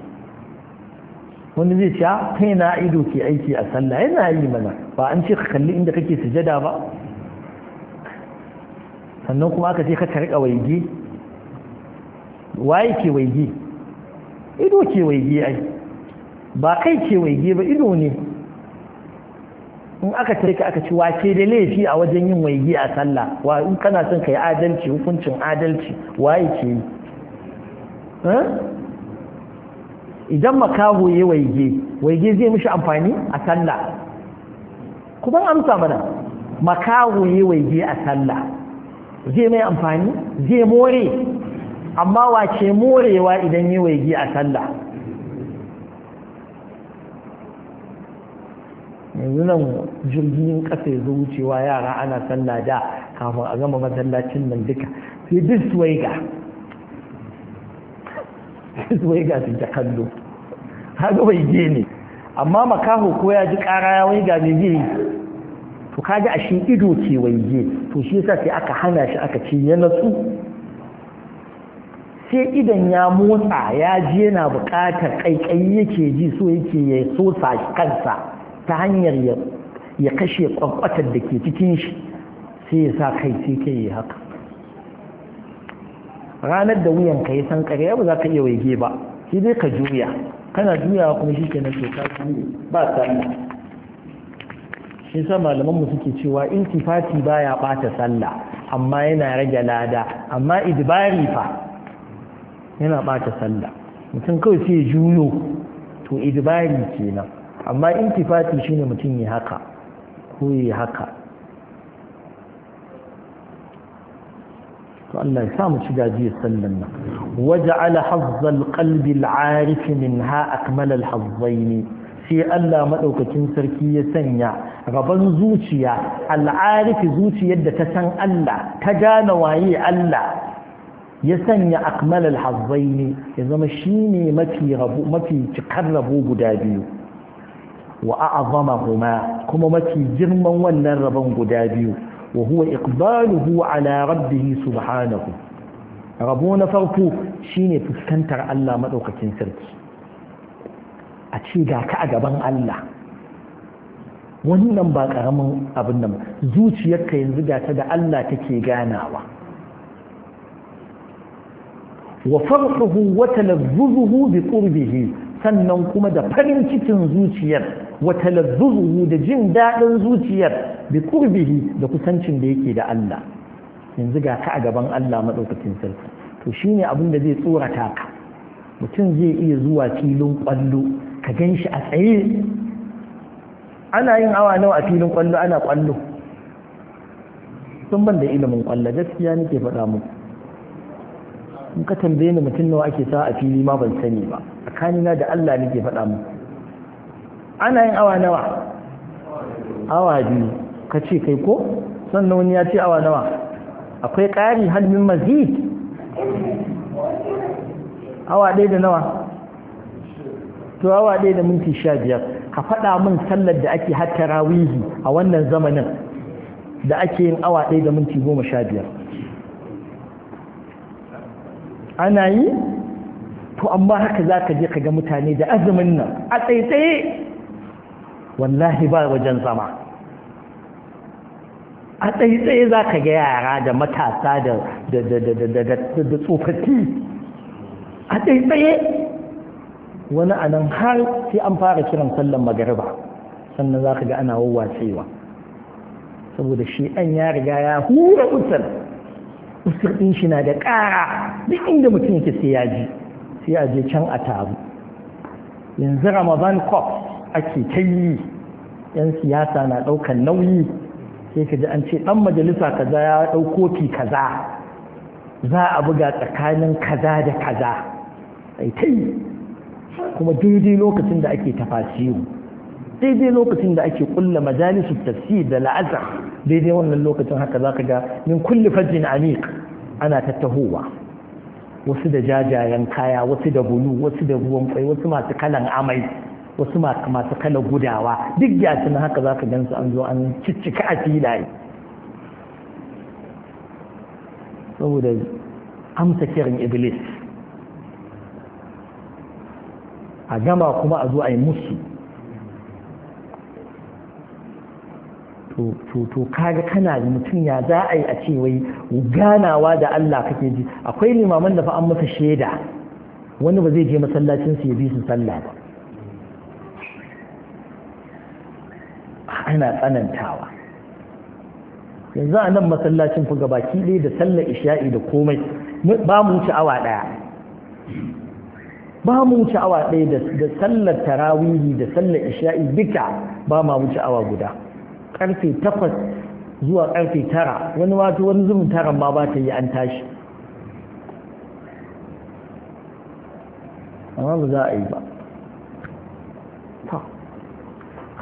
wani zai sha kai na ido ke aiki a sallah yana yi mana ba an ce ka kalli inda kake sujada ba sannan kuma aka ce ka rika waige waye ke waige ido ke waige ai ba kai ke waige ba ido ne in aka ce ka aka ci wace da laifi a wajen yin waige a sallah wa in kana son kai adalci hukuncin adalci waye ke yi idan makaho ya waige waige zai mishi amfani a sallah kuma amsa mana makaho ya waige a sallah zai mai amfani zai more amma wace morewa idan yi waigi a sallah yanzu nan jirgin ƙasa ya wucewa yara ana sallah da kafin a gama masallacin nan duka sai diswaiga diswaiga su ta kallo haka bai ne amma makaho ko ya ji ƙara ya waiga mai zai to kaji a shi ido ke waige to shi sa sai aka hana shi aka ce ya su sai idan ya motsa ya ji yana bukatar ƙaiƙayi yake ji so yake ya sosa kansa ta hanyar ya kashe ƙwaƙwatar da ke cikin shi sai ya sa kai sai ka yi haka ranar da wuyan ka yi san ƙarya yau za ka iya waige ba sai dai ka juya kana juyawa kuma shi ke na ka ba sallah shi sa malamanmu suke cewa iltifati baya ɓata sallah amma yana rage lada amma idibari fa yana ɓata sallah mutum kawai sai ya juyo to idibari kenan amma intifati shine mutum ya haka ko ya haka to Allah ya samu shiga jiya sallan nan waja'ala hazzal qalbi al'arif minha akmal al ne sai Allah maɗaukacin sarki ya sanya rabon zuciya al'arifi zuciyar da ta san Allah ta gane waye Allah ya sanya akmalal ne ya zama shine mafi mafi cikar rabo guda biyu wa a'zamahuma kuma mafi girman wannan rabon guda biyu wa huwa iqbaluhu ala rabbihi subhanahu rabo na farko shine fuskantar Allah madaukakin sarki a ce ga ka a gaban Allah wannan ba karamin abin nan zuciyarka yanzu ga ta da Allah take ganawa wa farhuhu wa talazzuzuhu bi qurbihi sannan kuma da farin cikin zuciyar wa talazzuzuhu da jin dadin zuciyar bi qurbihi da kusancin da yake da Allah yanzu ga ka a gaban Allah madaukakin sarki to shine abin da zai tsorata ka mutum zai iya zuwa filin kwallo ka gan shi a tsaye ana yin awa nawa a filin kwallo ana kwallo sun ban da ilimin kwallo gaskiya nake faɗa muku in ka tambaye ni mutum nawa ake sa a fili ma ban sani ba na da Allah nake faɗa mu ana yin awa nawa awa biyu ka ce kai ko sannan wani ya ce awa nawa akwai ƙari halmin mazid awa ɗaya da nawa to awa ɗaya da minti sha biyar ka faɗa min sallar da ake hatta rawihi a wannan zamanin da ake yin awa ɗaya da minti goma sha biyar ana yi to amma haka za ka je ka ga mutane da azumin nan a tsaitsaye wallahi ba wajen zama a tsaitsaye za ka ga yara da matasa da tsofaffi a tsaitsaye wani anan har sai an fara kiran sallan magariba sannan za ka ga ana wawacewa saboda shi an ya riga ya hura usul fuskar ɗin shi na da ƙara duk inda mutum yake sai ya ji sai a je can a taru yanzu ramadan cop ake ta yi yan siyasa na ɗaukan nauyi sai ka ji an ce ɗan majalisa kaza ya ɗauko fi kaza za a buga tsakanin kaza da kaza ai ta yi kuma daidai lokacin da ake tafasiyu daidai lokacin da ake kulla majalisun tafsir da la'azar daidai wannan lokacin haka za ka ga min kulli fajin Amik ana tattahowa wasu da jajayen kaya wasu da bulu wasu da ruwan kwai wasu masu kalan amai wasu masu kalan gudawa duk gasu na haka za ka gansu an zo an ciccika a filaye saboda amsa kirin iblis a gama kuma a zo a yi musu to to kaga kana da mutum ya za a yi a ce wai ganawa da Allah kake ji akwai limaman da fa an masa shaida wani ba zai je masallacin su ya bi su sallah ba ana tsanantawa yanzu anan nan masallacin ku ga baki ɗaya da sallar isha'i da komai ba mu ci awa ɗaya ba mu ci awa ɗaya da sallar tarawihi da sallar isha'i duka ba ma ci awa guda karfe takwas zuwa karfe tara wani wato wani zumin tara ma ba ta yi an tashi amma ba za a yi ba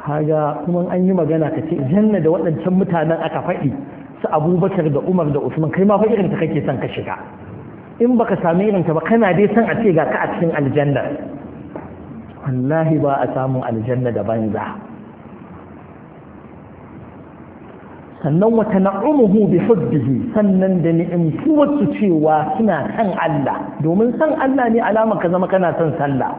kaga kuma an yi magana ka ce janna da waɗancan mutanen aka faɗi su abubakar da umar da usman kai ma fa irin ta kake son ka shiga in baka sami irin ta ba kana dai son a ce ga ka a cikin aljanna wallahi ba a samun aljanna da banza sannan wata na'umuhu bi hubbihi sannan da wasu cewa suna san Allah domin san Allah ne alama ka zama kana son sallah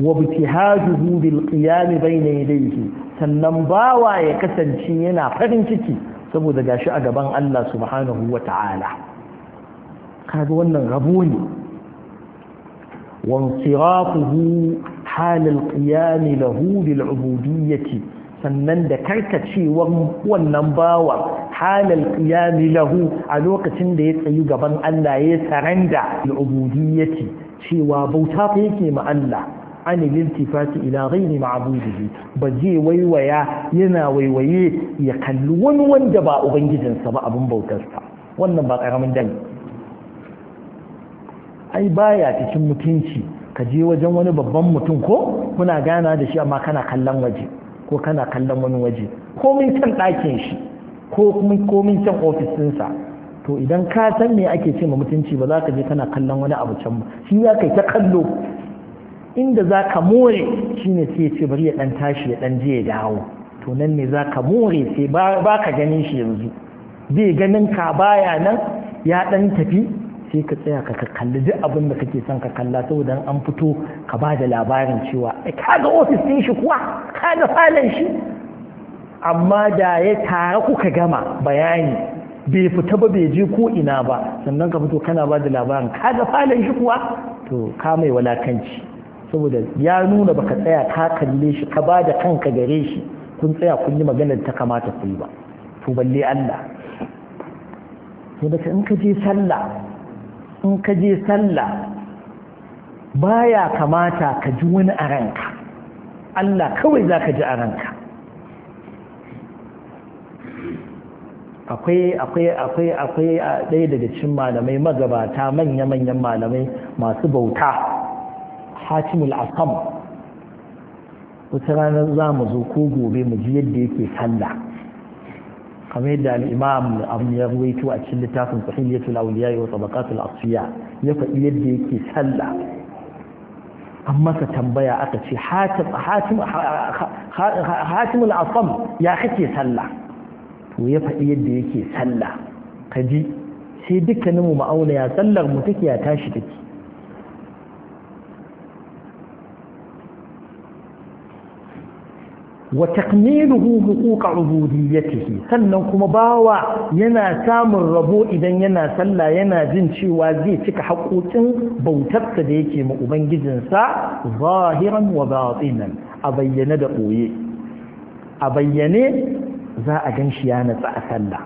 wa bitihajuhu bil qiyam bayna yadayhi sannan bawa ya kasance yana farin ciki saboda gashi a gaban Allah subhanahu wa ta'ala kaga wannan rabo ne wa insirafuhu halal qiyam lahu bil ubudiyyati sannan da karkacewar wannan bawa halal ya lahu a lokacin da ya tsayi gaban Allah ya saranda da ubudiyyati cewa bauta fa yake ma Allah an lintifati ila ghairi ma'budihi ba zai waiwaya yana waiwaye ya kalli wani wanda ba ubangijinsa ba abin bautarsa wannan ba karamin dan ai baya cikin mutunci ka je wajen wani babban mutum ko kuna gana da shi amma kana kallon waje ko kana kallon wani waje Ko min can ɗakin shi ko komin can ofis ɗinsa to idan ka san me ake ce ma mutunci ba za ka je kana kallon wani abu can ba shi ya ka ta kallo inda za ka more shi ne sai ce bari ya ɗan tashi ya ɗan je ya dawo to nan ne za ka more sai ba ka ganin shi yanzu bai ganin ka baya nan ya ɗan tafi sai ka tsaya ka kalli duk abin da kake son ka kalla saboda an fito ka ba da labarin cewa ka ga ofis ɗin shi kuwa ka ga falon shi amma da ya tare kuka gama bayani bai fita ba bai je ko ina ba sannan ka fito kana ba da labarin ka ga falon shi kuwa to ka mai walakanci saboda ya nuna baka tsaya ka kalle shi ka ba da kanka gare shi kun tsaya kun yi da ta kamata ku yi ba to balle Allah to in ka je sallah in ka je sallah baya kamata ka ji wani a ranka Allah kawai za ka ji a ranka akwai akwai akwai akwai ɗaya daga cikin malamai magabata manya-manyan malamai masu bauta hatimul asam wata ranar za mu zo ko gobe mu ji yadda yake sallah kamar yadda al'imam abin ya ruwaito a cikin littafin sahihiyatul auliya wa tabaqatul asfiya ya faɗi yadda yake sallah an masa tambaya aka ce hatimul asam ya kake sallah to ya faɗi yadda yake sallah ka ji sai dukkaninmu ma'auna ya sallar mu take ya tashi take wa takmiluhu huquqa sannan kuma bawa yana samun rabo idan yana sallah yana jin cewa zai cika haƙoƙin bautarsa da yake ma ubangijinsa zahiran wa batinan a bayyane da ɓoye a bayyane za a gan shi ya natsa a sallah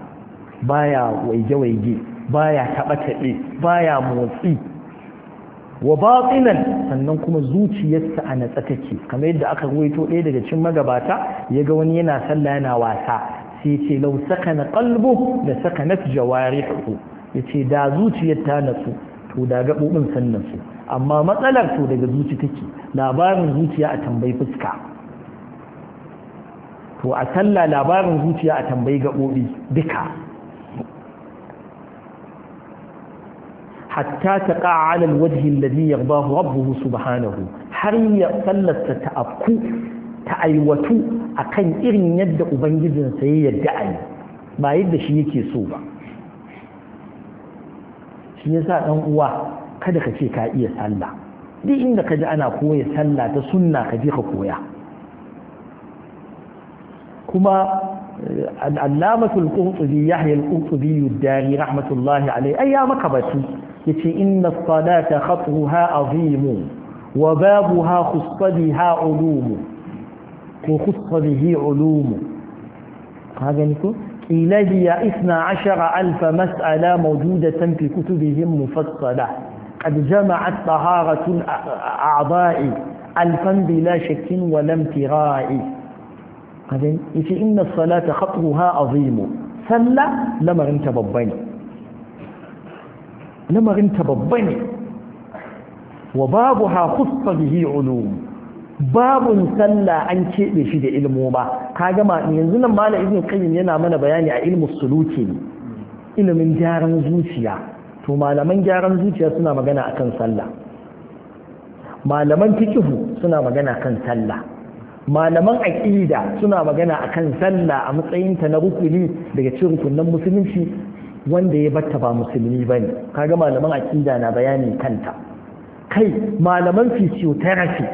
baya waige-waige baya taɓa-taɓe baya motsi wa batinan sannan kuma zuciyarsa a natsa take kamar yadda aka ruwaito ɗaya daga cin magabata ya ga wani yana sallah yana wasa sai ce lau sakana qalbu da sakanat jawarihu yace da zuciyar ta natsu to da gabobin sannan su amma matsalar to daga zuci take labarin zuciya a tambayi fuska to a sallah labarin zuciya a tambayi gabobi duka hatta ta ƙa'ala alwajhi alladhi yardahu rabbuhu subhanahu har ya fallata ta afku ta aiwatu akan irin yadda ubangijinsa ya yadda a yi ba yadda shi yake so ba shi sa ɗan uwa kada ka ce ka iya sallah duk inda ka ji ana koya sallah ta sunna ka je ka koya kuma eh, al'amatul qurtubi yahya al-qurtubi ad rahmatullahi alai ai ya maka batu yace inna salata خطرها azim wa babuha بها ulum ko به ulum هذا ni ko قيل هي اثنا عشر ألف مسألة موجودة في كتبهم مفصلة قد جمعت طهارة الأعضاء ألفا بلا شك ولا امتراء إن الصلاة خطرها عظيم سلة انت تببني lamarinta babba ne wa babu ha kusa bihi ulum babun sallah an keɓe shi da ilmo ba ka gama yanzu nan mala ibn qayyim yana mana bayani a ilmu suluki ilimin gyaran zuciya to malaman gyaran zuciya suna magana akan sallah malaman fiqhu suna magana kan sallah malaman aqida suna magana akan sallah a matsayin ta na rukuni daga cikin rukunin musulunci wanda ya batta ba musulmi ba ne kaga malaman akida na bayani kanta kai malaman physiotherapy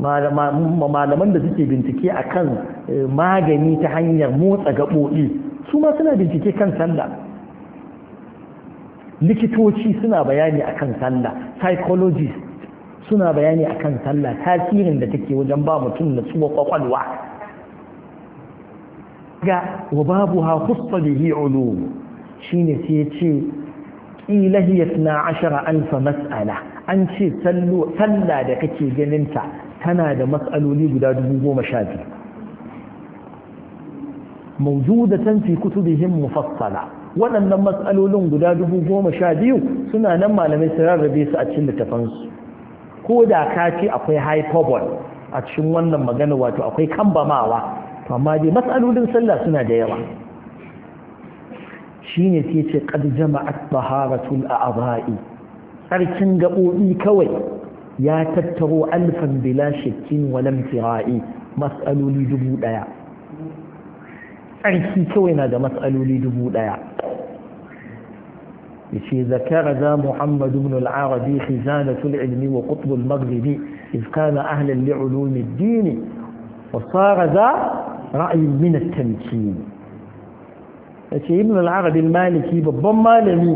malaman da suke bincike akan eh, magani ta hanyar motsa gaɓoɓi su ma suna bincike kan sallah likitoci suna bayani akan sallah psychologist suna bayani akan sallah tasirin da take wajen ba mutum na tsuwa kwakwalwa ga wa babu ha kusa bihi ulum shine sai ya ce ƙila hiyar na ashara alfa mas'ala an ce sallah da kake ganinta tana da mas'aloli guda dubu goma sha biyu can fi yin mufassala waɗannan matsalolin guda dubu goma sha biyu suna nan malamai su rarrabe su a cikin littafansu ko da ka ce akwai hyperbole a cikin wannan magana wato akwai kambamawa to amma dai matsalolin sallah suna da yawa shine sai ce qad jama'at taharatul a'dha'i sarkin gabobi kawai ya tattaro alfan bila shakkin wa lam tira'i mas'aloli dubu daya sarki kawai na da mas'aloli dubu daya في ذكر ذا محمد بن العربي خزانة العلم وقطب المغرب إذ كان أهلا لعلوم الدين وصار ذا رأي من التمكين da ce ibn al-arabi maliki babban malami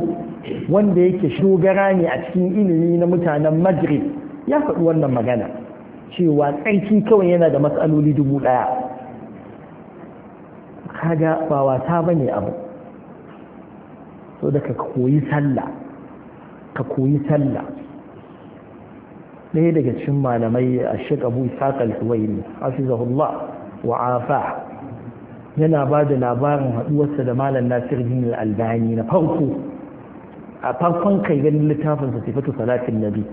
wanda yake shugara ne a cikin ilimi na mutanen madrid ya faɗi wannan magana cewa tsarki kawai yana da matsaloli dubu ɗaya kaga ba wata ba ne abu so da ka koyi sallah ka koyi sallah ɗaya daga cikin malamai a shiga abu isaac al-huwaini hafizahullah wa afa yana ba da labarin haɗuwarsa da malam nasir bin albani na farko a farkon kai ganin littafinsa sifatu salatin nabi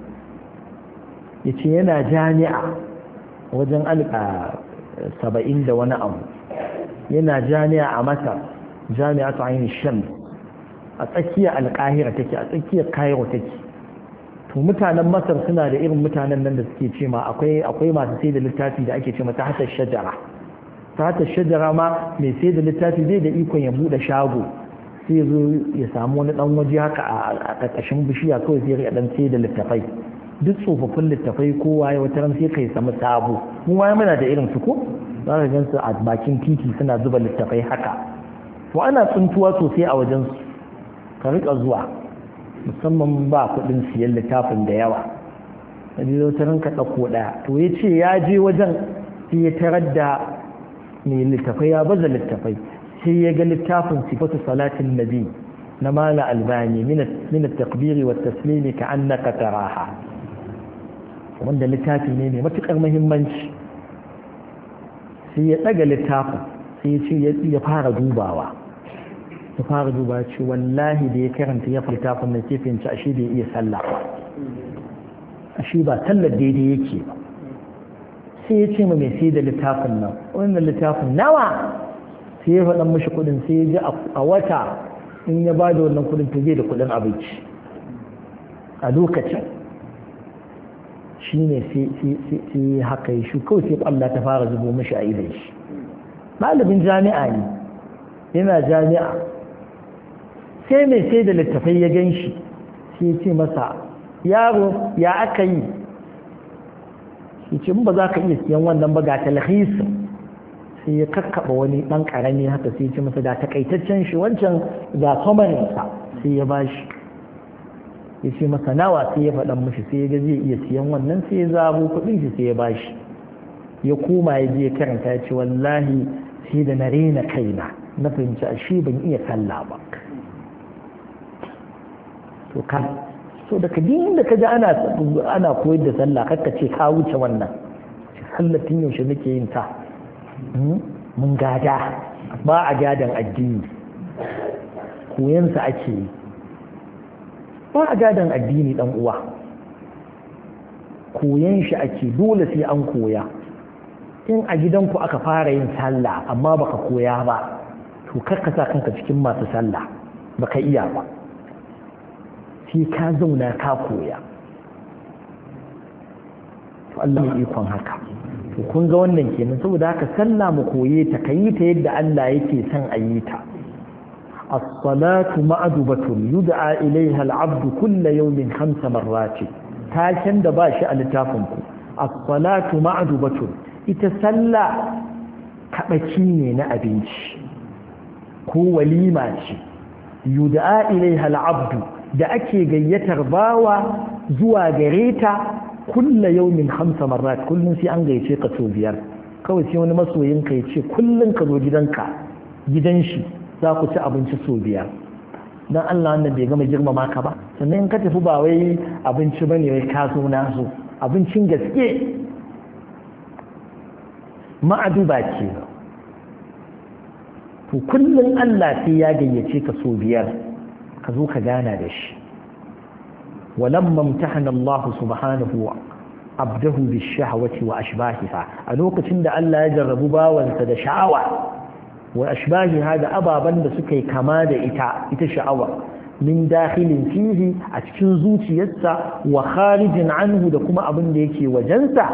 ya ce yana jami'a wajen alƙa saba'in da wani abu yana jami'a a mata jami'a ta ainihin shan a tsakiyar alƙahira take a tsakiyar cairo take to mutanen masar suna da irin mutanen nan da suke cema, akwai masu sai da littafi da ake cema ta hasar shajara sata shajara ma mai sai da littafi zai da ikon ya buɗe shago sai zo ya samu wani ɗan waje haka a ƙarƙashin bishiya kawai sai ya ɗan sai da littafai duk tsofaffin littafai kowa ya wata sai kai samu sabo mu ma muna da irin su ko za ka gan su a bakin titi suna zuba littafai haka to ana tsuntuwa sosai a wajen su ka riƙa zuwa musamman ba kuɗin siyan littafin da yawa da wata ka ɗauko ɗaya to ya ce ya je wajen sai ya tarar da mai littafai ya baza littafai sai ya ga littafin sifatu salatin nabi na mala albani min takbiri wa taslimi ka annaka taraha wanda littafi ne mai matukar muhimmanci sai ya daga littafin sai ya ya fara dubawa ya fara dubawa ce wallahi da ya karanta ya littafin mai kifin ci ashe ya iya sallah ashe ba sallar daidai yake ba sai ya ce ma mai sai da littafin nan wannan littafin nawa sai ya faɗan mashi kuɗin sai ya ji a wata in ya ba da wannan kuɗin ta zai da kuɗin abinci a lokacin shi ne sai ya haka yi shi kawai sai ƙwallo ta fara zubo mashi a idan shi ɗalibin jami'a ne yana jami'a sai mai sai da littafai ya gan shi sai ya ce masa yaro ya aka yi yace in ba za ka iya siyan wannan ba ga talhisi sai ya kakkaba wani ɗan karami haka sai ya ce masa da takaitaccen shi wancan ga somarin sai ya bashi ya ce masa nawa sai ya faɗan mashi sai ya ga iya siyan wannan sai ya zabo kuɗin shi sai ya bashi ya koma ya je ya karanta ya ce wallahi sai da na rena kaina na fahimci a shi ban iya sallah ba to kan so daga din da ka ji ana koyar da sallah kakka ce ka wuce wannan sallah yaushe nake yin ta hmm? mun gada ba a gadan addini Koyan sa ake yi ba a gadan addini dan uwa koyan shi ake dole sai an koya in a gidanku aka fara yin sallah amma baka koya ba to kakka sa kanka cikin masu sallah baka iya ba sai ka zauna ka koya to Allah mai ikon haka kun ga wannan kenan saboda haka sallah mu koye ta kayi ta yadda Allah yake son a yi ta as-salatu ma'dubatun yud'a ilayha al-'abdu kulla yawmin khamsa marrat taken da ba shi a littafin ku as-salatu ma'dubatun ita sallah kabaci ne na abinci ko walima ce yud'a ilayha al-'abdu da ake gayyatar bawa zuwa gare ta kulla yaumin hamsa marrat kullum sai an gayyace ka sau biyar kawai sai wani masoyin ka ce kullum ka zo gidanka gidan shi za ku ci abinci sau biyar don Allah wannan bai gama girmama ka ba sannan in ka tafi ba wai abinci ne wai ka zo na zo abincin gaske ma'adu ba ce to kullum Allah sai ya gayyace ka sau biyar ka zo ka gana da shi walamma mutahana Allah subhanahu wa abdahu bi wa ashbahiha a lokacin da Allah ya jarrabu bawansa da sha'awa wa ashbahiha da ababan da suka yi kama da ita ita sha'awa min dakhilin fihi a cikin zuciyarsa wa kharijin anhu da kuma abin da yake wajensa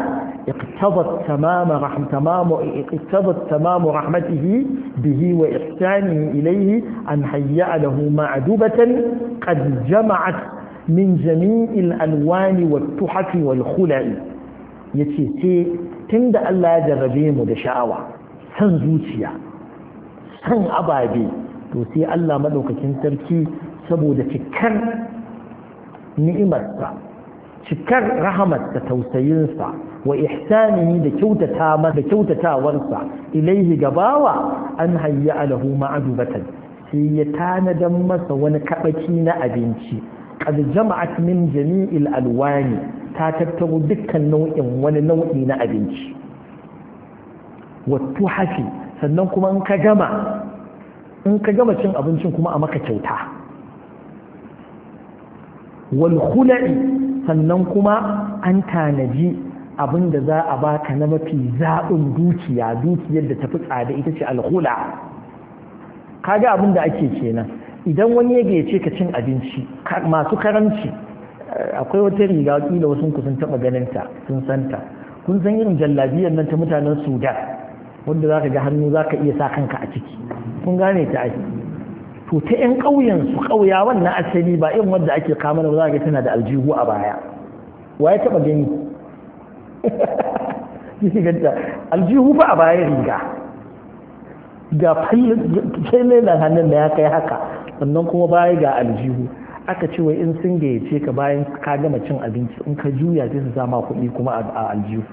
iqtadat tamama rahm tamamu iqtadat tamamu rahmatihi bihi wa ihsanihi ilayhi an hayya lahu ma'dubatan qad jama'at min jami'il alwani wat tuhaf wal khula'i yace ce tunda Allah ya jarrabe mu da sha'awa san zuciya san ababe to sai Allah madaukakin sarki saboda cikar ni'imarsa cikar da tausayinsa wa ihsanin da kyautata da kyautatawarsa ilaihi gabawa an hayya alahu ma'adubatan sai ya tanadan masa wani kabaki na abinci qad jama'at min jami'il alwani ta tattaro dukkan nau'in wani nau'i na abinci wattu hafi sannan kuma in ka gama in ka gama cin abincin kuma a maka kyauta wal sannan kuma an tanaji abin da za a baka na mafi zaɓin dukiya dukiyar da tafi tsada ita ce alhula kaga abin da ake kenan idan wani ya ce ka cin abinci masu karanci eh, akwai wata riga kila wasu ku sun taɓa ganin ta sun santa kun san irin jallabiyar nan ta mutanen sudan wanda za ka ga hannu za ka iya sa kanka a ciki kun gane ta ake to ta 'yan ƙauyen su ƙauya wannan asali ba irin wanda ake kama da za ga tana da aljihu a baya wa ya taɓa gani aljihu fa a baya riga ga da hannun da ya kai haka sannan kuma baya ga aljihu aka ce wai in sun gayyace ka bayan ka gama cin abinci in ka juya sai su sama kuɗi kuma a aljihu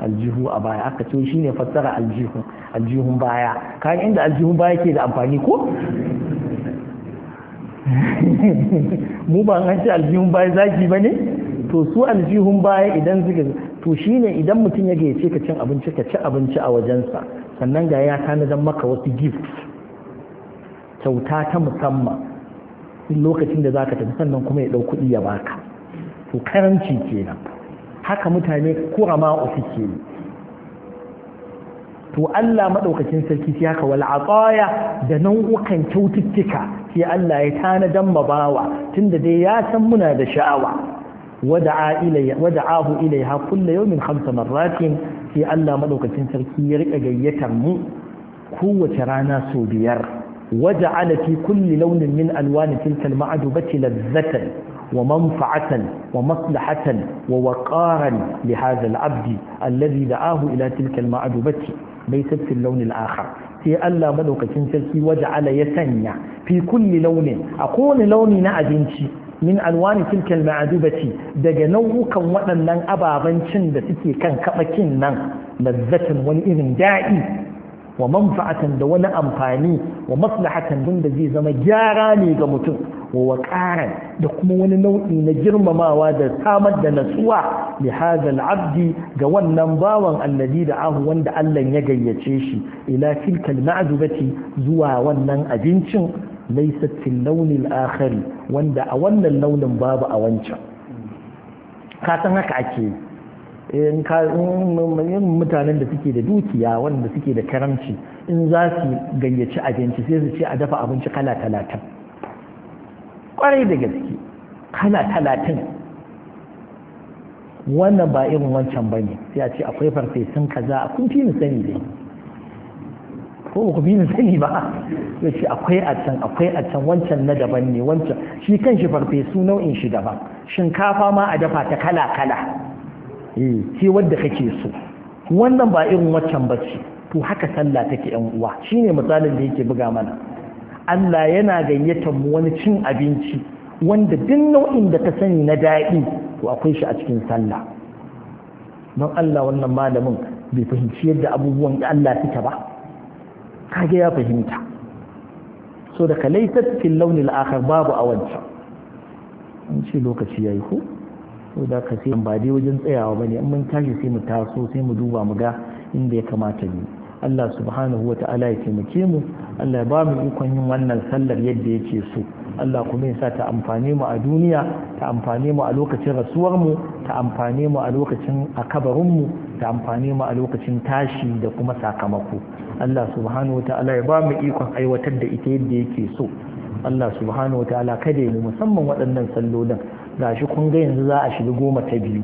aljihu a baya aka ce shi ne fassara aljihu aljihun baya kayan inda aljihun baya ke da amfani ko mu ba an ce aljihun baya zaki ba ne to su aljihun baya idan zuga to shi ne idan mutum ya ce ka cin abinci ka ci abinci a wajensa sannan ga ya tanadan maka wasu gift kyauta ta musamman lokacin da zaka tafi sannan kuma ya ɗau kuɗi ya baka to karanci kenan haka mutane kuramau suke yi to Allah maɗaukacin sarki sai haka wal ataya da nau'ukan kyaututtuka sai Allah ya tanadan mabawa tunda dai ya san muna da sha'awa wada'a ilayya wada'ahu ilayha yau min khamsa marratin sai Allah maɗaukacin sarki ya riƙa gayyatar mu kowace rana sau biyar waja'ala fi kulli launin min alwani tilkal ma'adubati ladzatan ومنفعة ومصلحة ووقارا لهذا العبد الذي دعاه إلى تلك المعدوبة ليست في اللون الآخر في ألا ya تنسلسي وجعل يسنع في كل لون أقول لوني abinci, min alwani tilkal ma'adubati daga nau'ukan waɗannan ababen cin da suke kan kaɓakin nan lazzatin wani irin daɗi wa manfa'atan da wani amfani wa maslahatan da zai zama gyara ne ga mutum wa waƙaran da kuma wani nau'i na girmamawa da samar da natsuwa li hazal abdi ga wannan bawan alladhi da ahu wanda Allah ya gayyace shi ila tilkal ma'zubati zuwa wannan abincin laysa fil launi al-akhir wanda a wannan launin babu a wancan ka san haka ake eh, in mutanen da suke da dukiya wanda suke da karamci in za su gayyaci abinci sai su ce a dafa abinci kala talatin kwarai da gaske kana talatin wannan ba irin wancan ba ne sai a ce akwai farfesun kaza a kun fi ni sani dai ko ba ku fi sani ba ya ce akwai a can akwai a can wancan na daban ne wancan shi kan shi farfesu nau'in shi daban shinkafa ma a dafa ta kala kala eh ce wadda kake so wannan ba irin wancan ba ce to haka sallah take yan uwa shine misalin da yake buga mana Allah yana gayyatar mu wani cin abinci wanda duk nau'in da ka sani na daɗi to akwai shi a cikin sallah don Allah wannan malamin bai fahimci yadda abubuwan da Allah suke ba kage ya fahimta so da ka fil launi al babu a wancan an ce lokaci yayi ko so da ka sai ba dai wajen tsayawa bane in mun tashi sai mu taso sai mu duba mu ga inda ya kamata ne Allah subhanahu wa ta'ala ya taimake mu Allah ya ba mu ikon yin wannan sallar yadda yake so Allah kuma ya sa ta amfane mu a duniya ta amfane mu a lokacin rasuwar mu ta amfane mu a lokacin akabarin mu ta amfane mu a lokacin tashi da kuma sakamako Allah subhanahu wa ta'ala ya ba mu ikon aiwatar da ita yadda yake so Allah subhanahu wa ta'ala kada ya mu musamman waɗannan sallolin gashi kun ga yanzu za a shiga goma ta biyu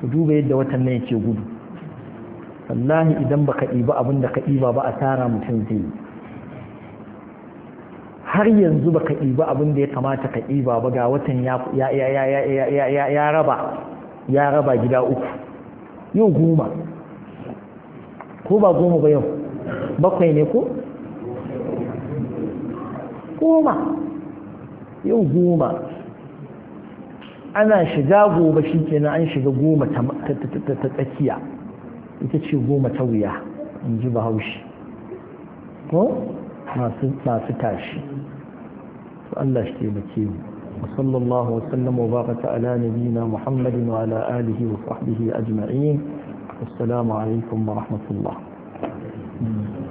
ku duba yadda watan nan yake gudu wallahi idan baka ɗiba abin da ka ɗiba ba a tara mutum zai har yanzu baka ɗiba abin da ya kamata ka ɗiba ba ga watan ya raba ya raba gida uku yau goma ko ba goma ba yau bakwai ne ko? goma yau goma ana shiga gobe shi kenan an shiga goma ta tsakiya ita ce goma ta wuya in ji bahaushe ko masu tashi to Allah shi taimake mu وصلى الله وسلم وبارك على نبينا محمد وعلى آله وصحبه أجمعين والسلام عليكم ورحمة
الله